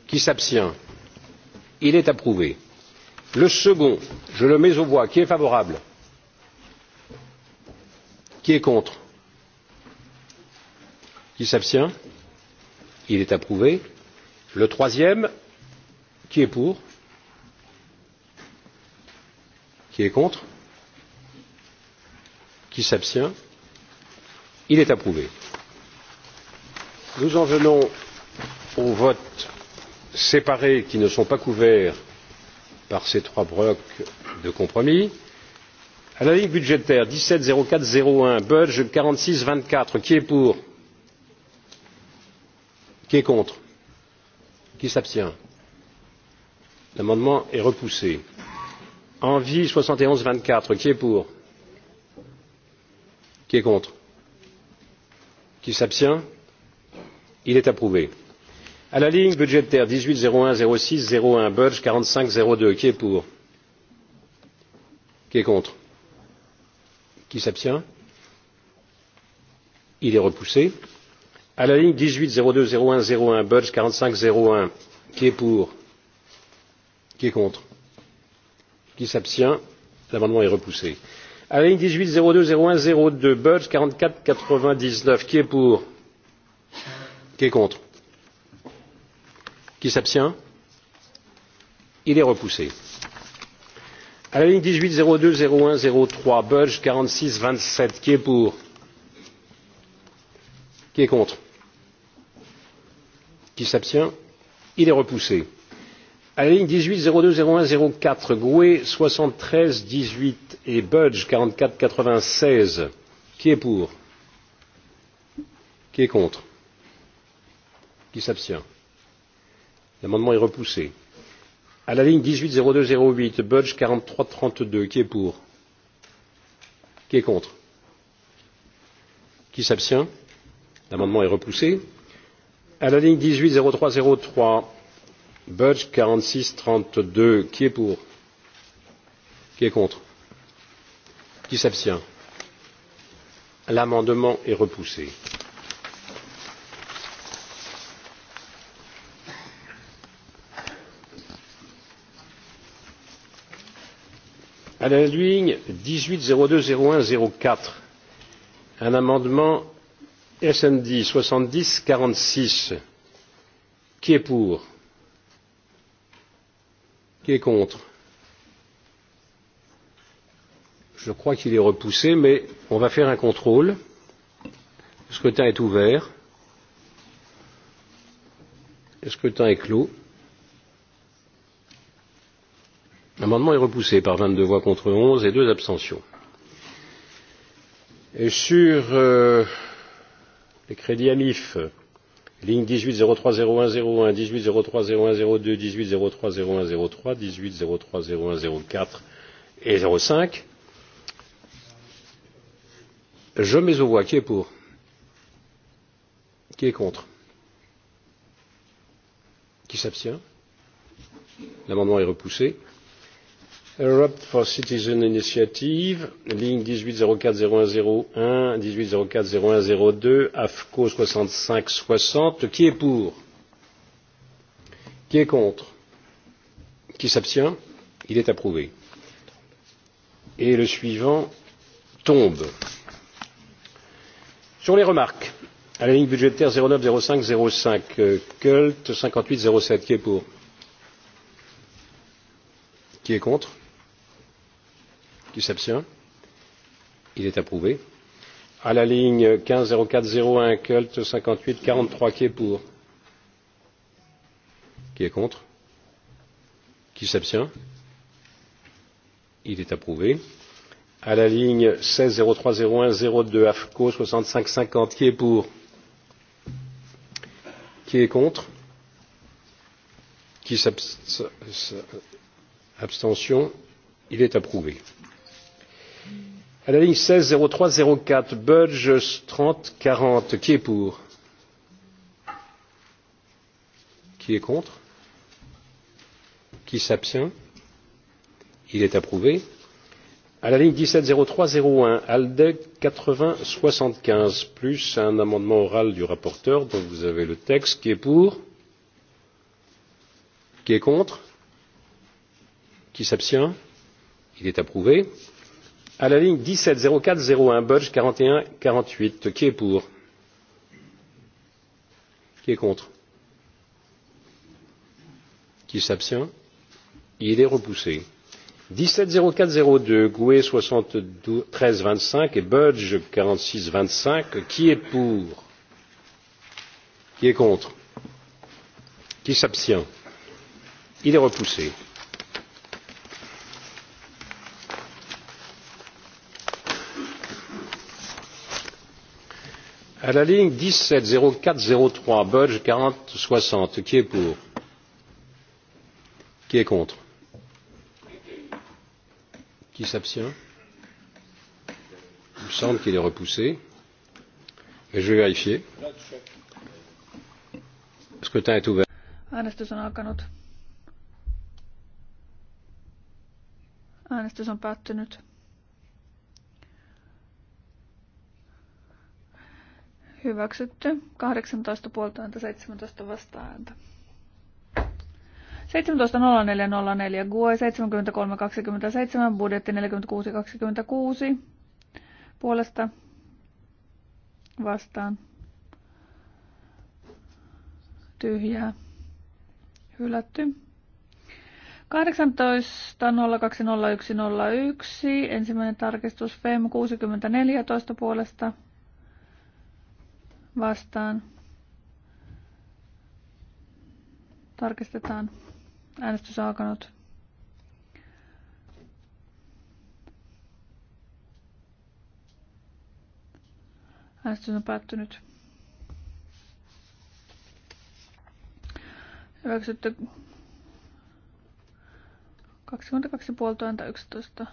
qui s'abstient? il est approuvé. le second je le mets aux voix qui est favorable? qui est contre? qui s'abstient? il est approuvé. le troisième qui est pour? qui est contre? qui s'abstient? il est approuvé. nous en venons au vote séparés qui ne sont pas couverts par ces trois blocs de compromis à la ligne budgétaire dix sept zéro quatre zéro un budget quarante six vingt quatre qui est pour qui est contre qui s'abstient? l'amendement est repoussé. envi soixante et onze vingt quatre qui est pour? qui est contre? qui s'abstient? il est approuvé à la ligne budgétaire dix huit zéro un zéro six zéro un budg quarante cinq zéro deux qui est pour qui est contre qui s'abstient il est repoussé à la ligne dix huit zéro deux zéro un zéro un budg quarante cinq zéro un qui est pour qui est contre qui s'abstient l'amendement est repoussé à la ligne dix huit zéro deux zéro un zéro deux budg quarante quatre quatre vingt dix neuf qui est pour qui est contre qui s'abstient il est repoussé. à la ligne dix huit zéro deux zéro un zéro trois budg quarante six vingt sept qui est pour qui est contre qui s'abstient il est repoussé. à la ligne dix huit zéro deux zéro un zéro quatre gue soixante treize dix huit et Budge quarante quatre quatre vingt seize qui est pour qui est contre qui s'abstient? l'amendement est repoussé. à la ligne 180208, Budge 4332, qui est pour? qui est contre? qui s'abstient? l'amendement est repoussé. à la ligne 180303, Budge 4632, qui est pour? qui est contre? qui s'abstient? l'amendement est repoussé. à la ligne dix huit zéro deux zéro un zéro quatre un amendement s d soixante dix quarante six qui est pour? qui est contre? je crois qu'il est repoussé mais on va faire un contrôle. le scrutin est ouvert. le scrutin est clos. L'amendement est repoussé par 22 voix contre 11 et deux abstentions. Et sur euh, les crédits AMIF, lignes 18 03 01 01, 18 03 01 02, 18 03 01 03, 18 03 01 04 et 05, je mets aux voix qui est pour, qui est contre, qui s'abstient. L'amendement est repoussé Europe for citizens Initiative, ligne dix dix huit huit zéro zéro zéro zéro quatre quatre un un zéro un zéro deux AFCO soixante cinq soixante Qui est pour Qui est contre Qui s'abstient Il est approuvé. Et le suivant tombe. Sur les remarques, à la ligne budgétaire zéro zéro zéro neuf cinq 090505, euh, Cult sept qui est pour Qui est contre Qui s'abstient Il est approuvé. À la ligne quinze zéro zéro quatre un Cult 58 43, qui est pour Qui est contre Qui s'abstient Il est approuvé. À la ligne seize zéro zéro zéro trois un deux AFCO soixante cinq cinquante qui est pour Qui est contre Qui s'abstient Abstention. Il est approuvé à la ligne seize zéro trois zéro quatre budg trente quarante qui est pour qui est contre qui s'abstient il est approuvé à la ligne dix sept zéro trois zéro un alde quatre vingts soixante quinze plus un amendement oral du rapporteur dont vous avez le texte qui est pour qui est contre qui s'abstient il est approuvé à la ligne dix sept zéro quatre zéro un budg quarante et un quarante huit qui est pour qui est contre qui s'abstient il est repoussé dix sept zéro quatre zéro deux gue soixante treize vingt cinq et budg quarante six vingt cinq qui est pour qui est contre qui s'abstient il est repoussé. à la ligne dix sept zéro quatre zéro trois budg quarante soixante qui est pour qui est contre qui s'abstient il me semble qu'il est repoussé mais je vais vérifier le scrutin est ouvert Äänestys on alkanut. Äänestys on päättynyt. Hyväksytty. 18 puolta ääntä, 17 vasta ääntä. 17.04.04 GUE 73.27 budjetti 46.26 puolesta vastaan tyhjää hylätty. 18.02.01.01 ensimmäinen tarkistus FEM 60.14 puolesta vastaan. Tarkistetaan. Äänestys alkanut. Äänestys on päättynyt. Hyväksytty 22,5 ääntä 11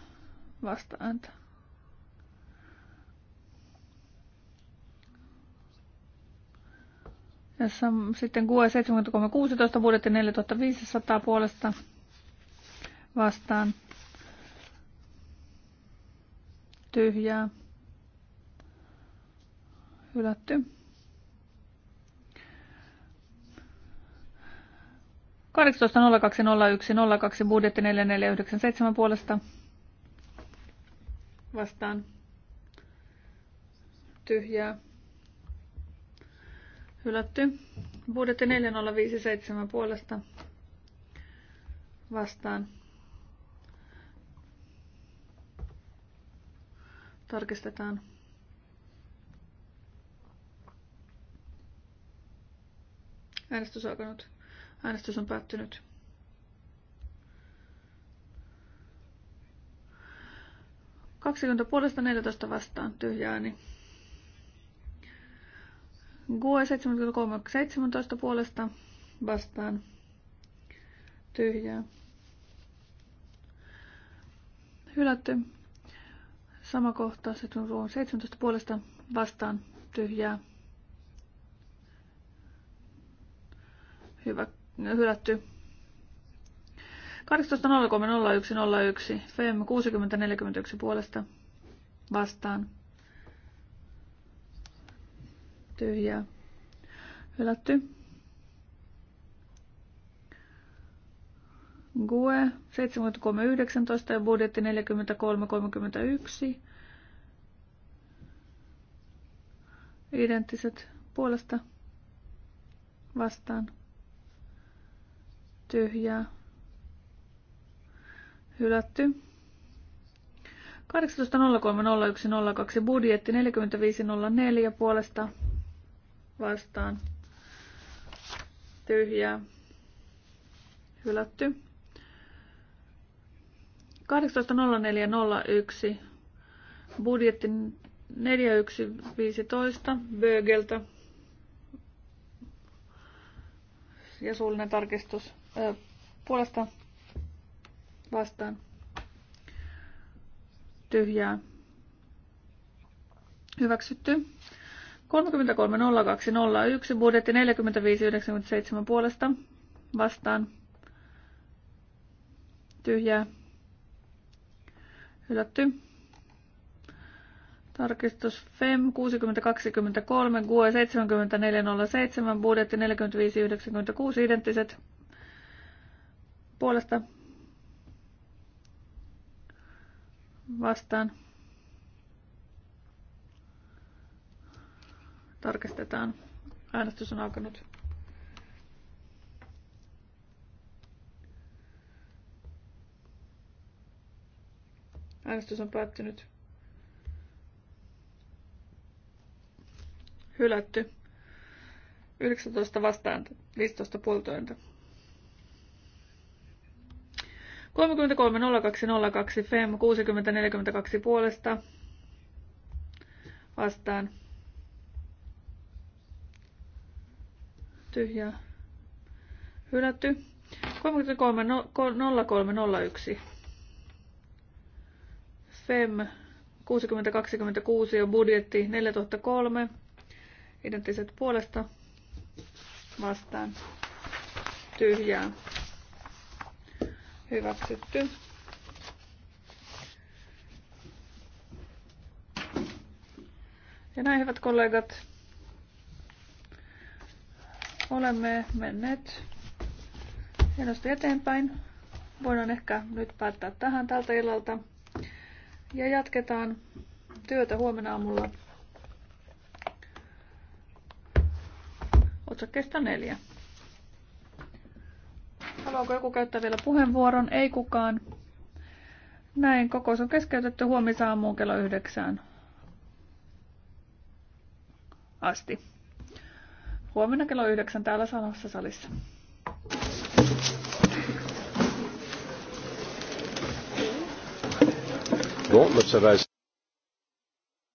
vasta ääntä. on sitten GUE 7316 budjetti 4500 puolesta vastaan. Tyhjää. Hylätty. 18.02.01.02 budjetti 4497 puolesta vastaan tyhjää Hylätty. Budjetti 4057 puolesta vastaan. Tarkistetaan. Äänestys on alkanut. Äänestys on päättynyt. Kaksikymmentä puolesta 14 vastaan tyhjää ääni. Niin GUE 7317 puolesta vastaan tyhjää. Hylätty. Sama kohta 17 puolesta vastaan tyhjää. Hyvä, hylätty. 18.03.01.01 FM 6041 puolesta vastaan tyhjää hylätty. GUE 73.19 ja budjetti 43.31. Identtiset puolesta vastaan tyhjää hylätty. 18.03.01.02 budjetti 45.04 puolesta vastaan tyhjää hylätty. 18.04.01 budjetti 4115 Bögeltä ja suullinen tarkistus ö, puolesta vastaan tyhjää hyväksytty. 330201 budjetti 4597 puolesta vastaan. Tyhjää. Hylätty. Tarkistus FEM 6023, GUE 7407, budjetti 4596 identtiset puolesta vastaan. Tarkistetaan. Äänestys on alkanut. Äänestys on päättynyt. Hylätty. 19 vastaääntä, 15 puoltointa. 33.02.02 FEM 60.42 puolesta vastaan tyhjää hylätty. 33.0301. FEM 6026 on budjetti 4003. Identtiset puolesta vastaan tyhjää. Hyväksytty. Ja näin hyvät kollegat, Olemme menneet hienosti eteenpäin. Voidaan ehkä nyt päättää tähän tältä illalta. Ja jatketaan työtä huomenna aamulla otsakkeesta neljä. Haluaako joku käyttää vielä puheenvuoron? Ei kukaan. Näin, kokous on keskeytetty huomisaamuun kello yhdeksään asti huomenna kello yhdeksän täällä samassa salissa. Bon,